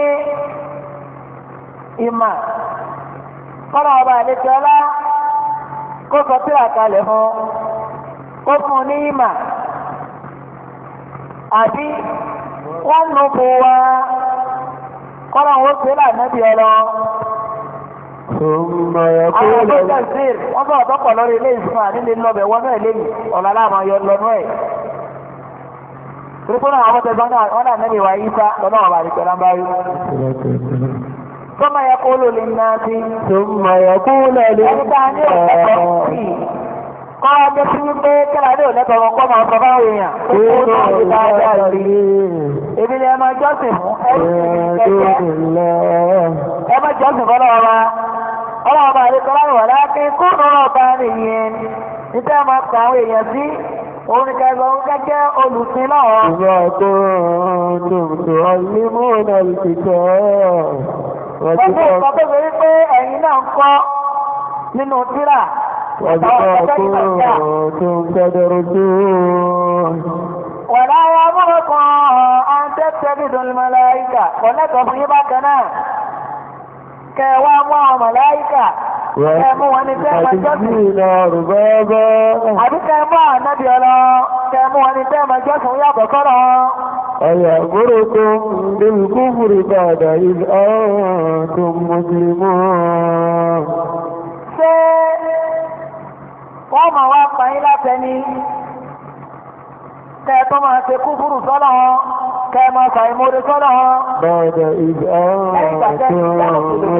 ìmà kalẹ̀ fún ó fún un ní ìmà àbí wọ́n nu bu wa kọ́nà ó ṣe lànàbí ọlọ. àwọn ọgbẹ́ tẹ̀síìr wọ́n ilé ìfúnra nílé lọ́bẹ̀ wọ́n náà lẹ́yìn ọ̀la láàmú ayọ̀ lọ́nú ẹ̀. Tìrìkúnà àwọn ọmọ tẹ̀sán náà wọ́n náà nẹ́bí wa yíká lọ́nà ọ̀bà àdìpẹ́ náà báyìí. Tọ́mọ yẹ kó lò lè ná sí. Tọ́mọ yẹ kó lò lè ná sí kọ́ jẹ́ sí wípé kẹ́lá ní òlẹ́tọ̀ ọmọ kọ́ máa sọ bá èèyàn ó náà ní dáadáa rí ebi ni ẹ máa jọ́sìn fún ẹ máa jọ́sìn fún ọlọ́ọ̀ba ọlọ́ọ̀ba àríkọ́ láwọn wà láàkín kó ọlọ́ọ̀ba nìyẹn níta ẹ máa pa àwọn èèyàn sí òun ni kẹsàn án gẹ́gẹ́ olùsìn náà. ìwà tó ń dùn tó ọlímọ̀ náà ti tẹ̀ ẹ́. gbogbo ìgbà tó ṣe wípé ẹ̀yin náà ń kọ́ nínú tíra وبما كنتم تدرسون ولا يأمركم أن تتخذوا الملائكة ونكفي بكنا كواموا ملائكة كموا ونساء مجسد أربابا أبي كموا النبي الله كموا ونساء مجسد يا بكرة أيأمركم بالكفر بعد إذ أنتم مسلمون wọ́n ma wá pa yín látẹni kẹ́ẹ̀tọ́ máa ṣe kú fúrù sọ́nà wọn kẹ́ẹ̀ máa mórí ìgbà ọ̀rọ̀ tí wọ́n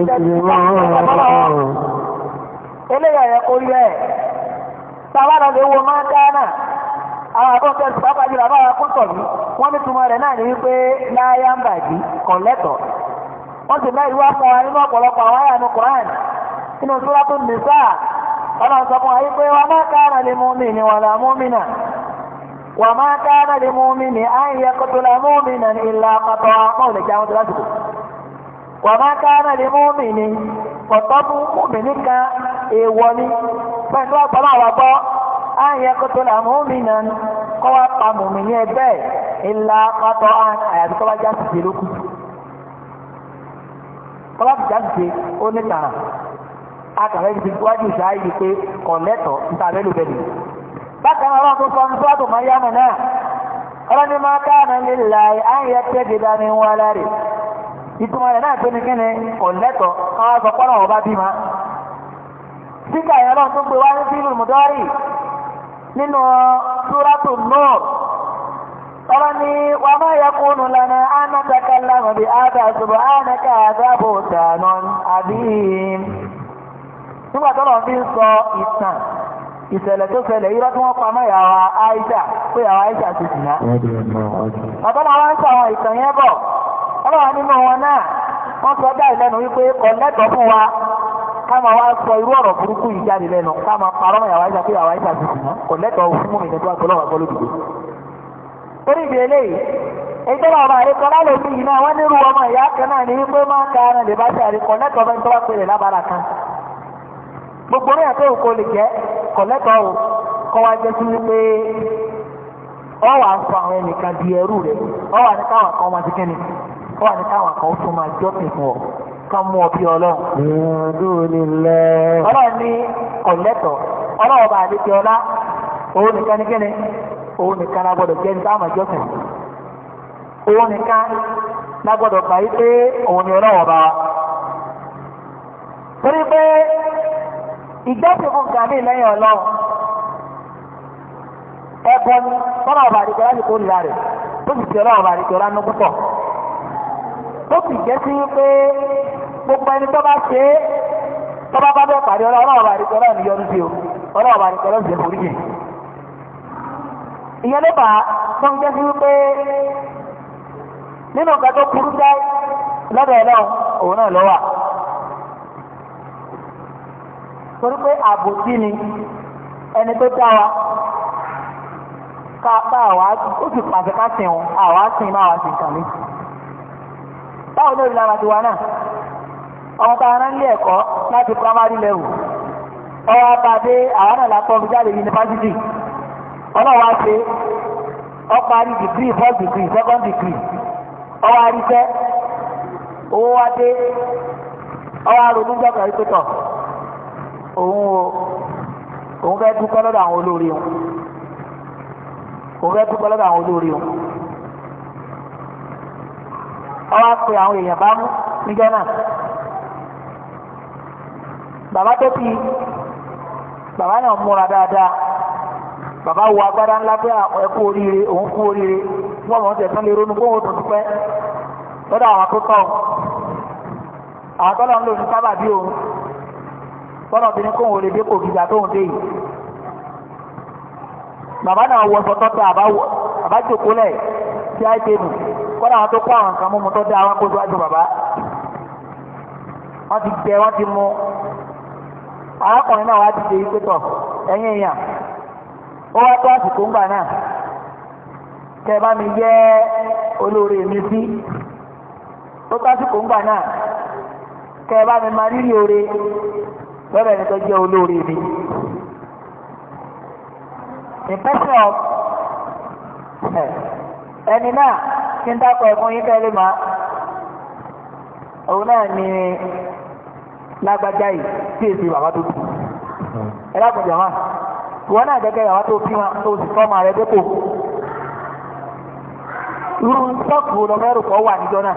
ti wọ́n. eléyà yẹ kó yẹ tàwa náà lè wo ọlọ́run sọ fún wa yìí pé wà má kára lè mú mi ní wàlà mú mi nà wà má kára lè mú mi ní à ń yẹ kótó la mú mi nà ní ìlà pàtó àwọn olè jáwé tó lásìkò wà má kára lè mú ọ̀tọ́ fún mú kan èèwọ̀ ni pẹ̀lú ọ̀tọ́ náà wà gbọ́ à ń kọ́ wa pa mú ẹgbẹ́ ìlà pàtó àyàfi kọ́ wa já sí ìlú kù akàwé ti wájú ìṣááyé yìí pé kọ̀lẹ́tọ̀ níta abẹ́lò bẹ́ẹ̀ nìyí. bákan ọlọ́run tó sọ ní sọ́ọ̀tù mọ́yámù náà ọlọ́ni máa káàmì lílà ayé tẹ́jì dání wọn láre ìtumọ̀ rẹ̀ náà tó ní kíni kọ̀lẹ́tọ̀ káwá sọ pọ́nà ọba bímọ. síkà yẹn ọlọ́run tó gbé wá ní fílù mùdọ́rì nínú súrátù náà ọlọ́ni wà máa yẹ kúnnù lẹ́nu ánátẹ́kẹ́ lẹ́nu bí ádà ṣùgbọ́n ánàkà àdábò tànà àbíyìn nígbà tó lọ́n fi ń sọ ìtàn ìṣẹ̀lẹ̀ tó ṣẹlẹ̀ irọ́ tí wọ́n pamọ́ ìyàwó Aisha pé ìyàwó Aisha ti sì ná. bàbá máa ń sàwọn ìtàn yẹn bọ̀ ọlọ́wà nínú wọn náà wọ́n sọ dá ìlẹ́nu wípé kọ̀lẹ́tọ̀ fún wa ká máa wá sọ irú ọ̀rọ̀ burúkú yìí jáde lẹ́nu ká máa parọ́ mọ́ ìyàwó Aisha pé ìyàwó Aisha ti sì ná kọ̀lẹ́tọ̀ fún mi nígbà tó lọ́wọ́ gbọ́ lódìgbò. torí ìdí eléyìí ìjọba ọba àríkọ lálẹ́ òbí yìí náà wọ́n nírú ọmọ ìyá kan náà ní wípé máa ń ka ara lè bá ṣe àríkọ lẹ́tọ̀ọ́ bẹ́ẹ̀ tó wá pè lè lábára kan gbogbo náà tó nǹkan lè jẹ́ kọ̀lẹ́tọ̀ o kọ́ wa jẹ́ sí wípé ọ wà sọ àwọn ẹnìkan di ẹrú rẹ̀ ọ wà ní káwọn kan máa ti kẹ́ni ọ wà ní káwọn kan tún máa jọ́sìn fún ọ ká mú ọ bí ọlọ́run. ọlọ́run ní kọ̀lẹ́tọ̀ ọlọ́run bá àlejò ọlá òun nìkan ní kẹ́ni òun nìkan la gbọ́dọ̀ jẹ́ ní táwọn máa jọ́sìn òun nìkan la gbọ́dọ̀ gbà yí pé òun ni ọlọ́run bá wa. torí pé ìgbẹ́sìn ọ̀gá mi lẹ́yìn ọlọ́run ẹ̀bọ ni tọ́lá ọba àdìgbò láti kó nira rẹ̀ tó sì jẹ́ ọba àdìgbò lánàá púpọ̀ tó sì jẹ́ sí pé gbogbo ẹni tó bá ṣe é tó bá bá bẹ́ẹ̀ pàdé ọlọ́run ọba àdìgbò lánàá yọnu sí o ọlọ́run ọba àdìgbò lánàá sì forí jìn ìyẹn ló bá tó ń jẹ́ sí pé nínú nǹkan tó burú jáì lọ́dọ̀ ẹ̀ torí pé àbòsí ni ẹni tó dá wa ká bá àwa ó sì pàṣẹ ká sìn òun àwa sìn máa wá sí nǹkan mi. báwo ló rí lára tiwa náà ọmọ tá rán lé ẹ̀kọ́ láti primary level ọwọ́ abàdé àwọn náà látọ́ fi jáde yunifásitì ọlọ́wọ́ àṣẹ ọparí degree first degree second degree ọwọ́ àríṣẹ́ owó wá dé ọwọ́ àrònú jọ̀kọ̀ ìpẹ́tọ̀ òun o òun fẹ́ dúpẹ́ lọ́dọ̀ àwọn olórí o òun fẹ́ dúpẹ́ lọ́dọ̀ àwọn olórí o ọwọ́ pe àwọn èèyàn bá mú ní Ghana bàbá tó ti bàbá náà múra dáadáa bàbá wo agbádá ńlá pé ẹkú oríire òun kú oríire wọ́n mọ̀ ń tẹ̀sán lè ronú gbóhùn tó dúpẹ́ lọ́dọ̀ àwọn tó àwọn tọ́lọ́ ń lò ní sábàbí òun. bọ́lá obìnrin kóhùn ò lè dé kò gíga dé yìí bàbá náà wọ sọtọ tẹ tí a jẹ nù kọ́dà àwọn tó kọ́ àwọn nǹkan mímu tó dé àwọn bàbá wọ́n ti jẹ wọ́n ti mu arákùnrin náà dìde yìí ẹ̀yìn èèyàn ó wá tó àsìkò ńgbà náà lọ́dọ̀ ẹni tó jẹ́ olórí mi. ìpẹ́sọ̀ ẹni náà kí n dákọ̀ ẹ̀fún yín tẹ́lẹ̀ máa òun náà ni lágbájá yìí tí èsì bàbá tó tù ẹ lákòjá wa ìwọ náà gẹ́gẹ́ bàbá tó fi wọn tó sì fọ́ọ̀mù ààrẹ dépò irú sọ́ọ̀kù lọ́mọ́rù kọ́ wà níjọ́ náà.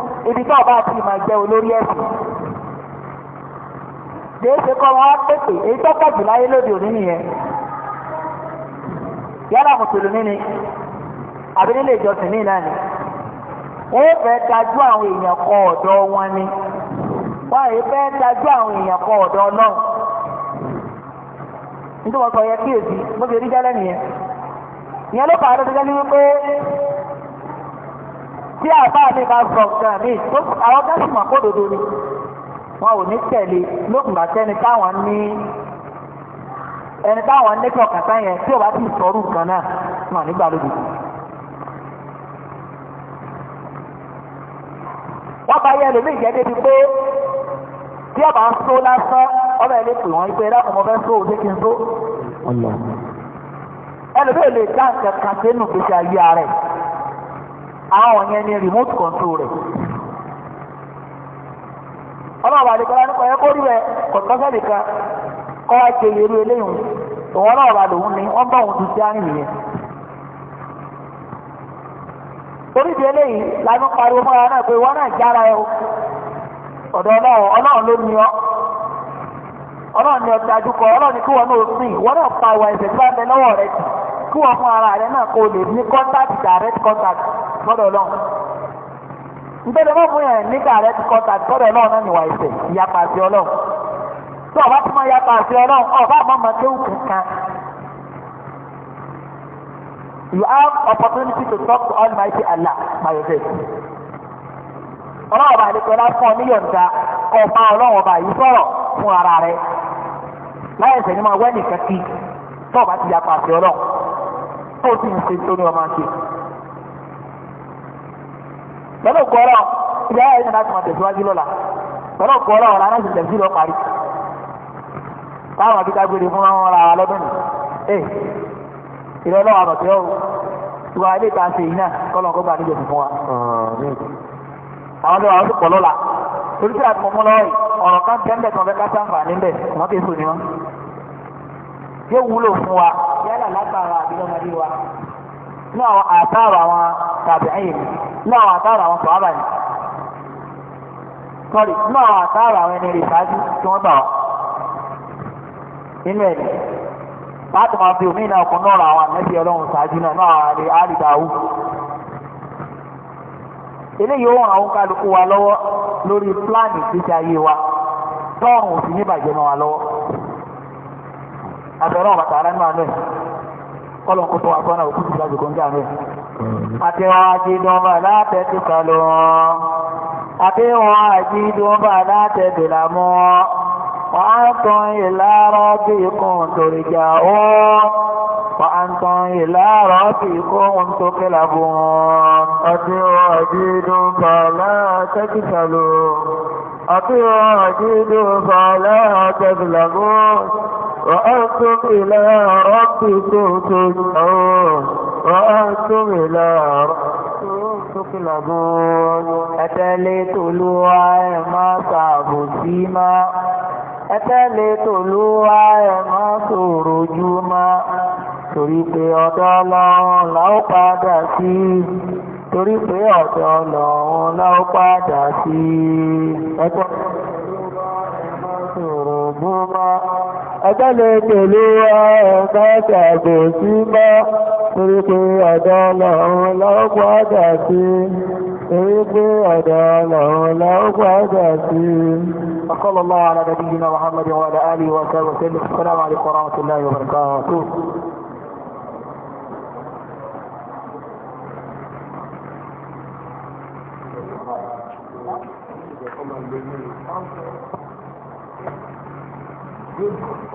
ibi tó ọba àti ìmọ̀ jẹ́ olórí ẹ̀sìn lèé ṣe kọ́ wọn pèpè èyí tó pọ̀ jù láyé lóde yálà mùsùlùmí ni àbí ìjọsìn ní ìlànà wọ́n fẹ́ dájú àwọn èèyàn kọ ọ̀dọ́ wọn ni wọ́n yìí fẹ́ dájú àwọn èèyàn kọ ọ̀dọ́ náà nítorí wọn sọ yẹ mo rí nìyẹn ìyẹn tí àbá mi bá sọ nǹkan mi tó àwọn gáṣìmọ̀ kó dodo ni wọn ò ní tẹ̀lé lókùnbà tẹ́ni táwọn ní ẹni táwọn nẹ́tọ̀ kàtá yẹn tí ò bá ti sọ̀rù nǹkan náà wọn nígbà lójú. wọ́n bá yẹ lómi ìjẹ́ débi pé tí ọba ń só lásán ọba ẹ̀ lè pè wọ́n pé ẹ̀dákùn mo fẹ́ só òde kí n só. ẹlòmíì lè dá nǹkan kan sínú gbèsè ayé ara ẹ̀. àwọn yẹn ni remote control rẹ̀ ọlọ́ọ̀bà àdìgbọ́lá nípa ẹ̀kọ́ rí rẹ̀ kọ̀tọ́sẹ̀ nìkan kọ́ wá elu eléyìí òun ọlọ́ọ̀bà lòun ni wọ́n bá òun ti já nìyẹn torí di eléyìí la pariwo fún ara náà pé wọ́n náà jára ẹ o ọ̀dọ̀ ọlọ́run ọlọ́run ló ní ọ ọlọ́run ọlọ́run kí wọ́n náà sìn wọ́n náà pa ìwà tí wọ́n bẹ sọ́dọ̀ lọ. Ntẹ́lẹ̀ mọ́ fún yẹn nígbà rẹ ti kọ́ tàbí sọ́dọ̀ lọ náà níwà ìṣẹ̀ ìyapa àti ọlọ́run. Tí ọba tí mo yapa àti ọlọ́run, ọba àmọ́ mọ kéwù kankan. You have opportunity to talk to Almighty Allah by your faith. Ọlọ́run ọba àdìgbọ́lá fún ọ níyọ̀ǹda kọ́ ọba ọlọ́run ọba yìí sọ̀rọ̀ fún ara rẹ̀. Láyé ìṣẹ̀ ni mo wẹ́ nìkan kí tí ti yapa àti ọlọ́run. Ó sì ń ṣe tó ní ọmọ ṣe pẹ̀lú ògbọ́rọ̀ ìgbà yà ìnana ti máa tẹ̀síwájú lọ́la pẹ̀lú ògbọ́rọ̀ ọ̀la náà sì tẹ̀sí lọ parí táwọn àbí kágbére fún wọn ra wa lọ́dún nìí ìrẹ́ lọ́wọ́ àbọ̀tẹ́ o ìwà ilé ìta ṣe yìí náà kọ́lọ̀ kó gbà níjọ fún wa. àwọn ọdún àwọn tó pọ̀ a ti mọ̀ mú lọ́wọ́ yìí ọ̀rọ̀ kan tẹ́ńbẹ̀ kan fẹ́ ká sáǹfà níbẹ̀ wọ́n kì í sùn ní wọn. wúlò fún wa yálà lágbára àbí wa ní àtàrà àwọn tàbí ẹ̀yìn ní àwọn àtàrà àwọn sọ̀rọ̀ àbáyé sọ́rí ní àwọn àtàrà àwọn ẹni rè ṣáájú tí wọ́n gbà wá nínú ẹ̀rí láti máa fi òmìnira ọkùnrin náà ra àwọn àmẹ́bí ọlọ́run ṣáájú náà náà àrè àrídàáwù eléyìí ó ràn wa lọ́wọ́ lórí pílánì ìgbésí ayé wa tọ́ọ̀rùn òsì ní ìbàjẹ́ wa lọ́wọ́ abẹ́rẹ́ ọ̀bàtà náà kọ́lọ̀ àti wọn àjídùnbà látẹ̀tù kọlù wọn àti wọn àjídùnbà látẹ̀tù làmú wọn wọ́n á tún ìlàrọ̀ bí kún torí jà ó wọ́n á tún ìlàrọ̀ bí kún tó kílà bù wọn. àti wọn àjídùnbà látẹ̀tù kọlù àti wọn àjídùnbà látẹ̀tù làmú wọn. وأنتم إلى ربكم تسعون وأنتم إلى ربكم تقلبون أتلي طلوع ما صعب سيما أتلي طلوع ما سرجو ما torí pé ọ̀dọ̀ ọlọ́run láó padà sí torí pé ọ̀dọ̀ ọlọ́run láó padà sí ẹgbẹ́ ìṣòro bó máa ẹgbẹ́lẹ̀ pẹ̀lú ọ̀gbẹ́sàgbò sí mọ́ torí pé ọ̀dọ̀ ọlọ́run lọ́pọ̀ sí torí pé ọ̀dọ̀ ọlọ́run sí. وصلى الله على نبينا محمد وعلى اله وصحبه وسلم السلام عليكم ورحمه الله وبركاته Thank you.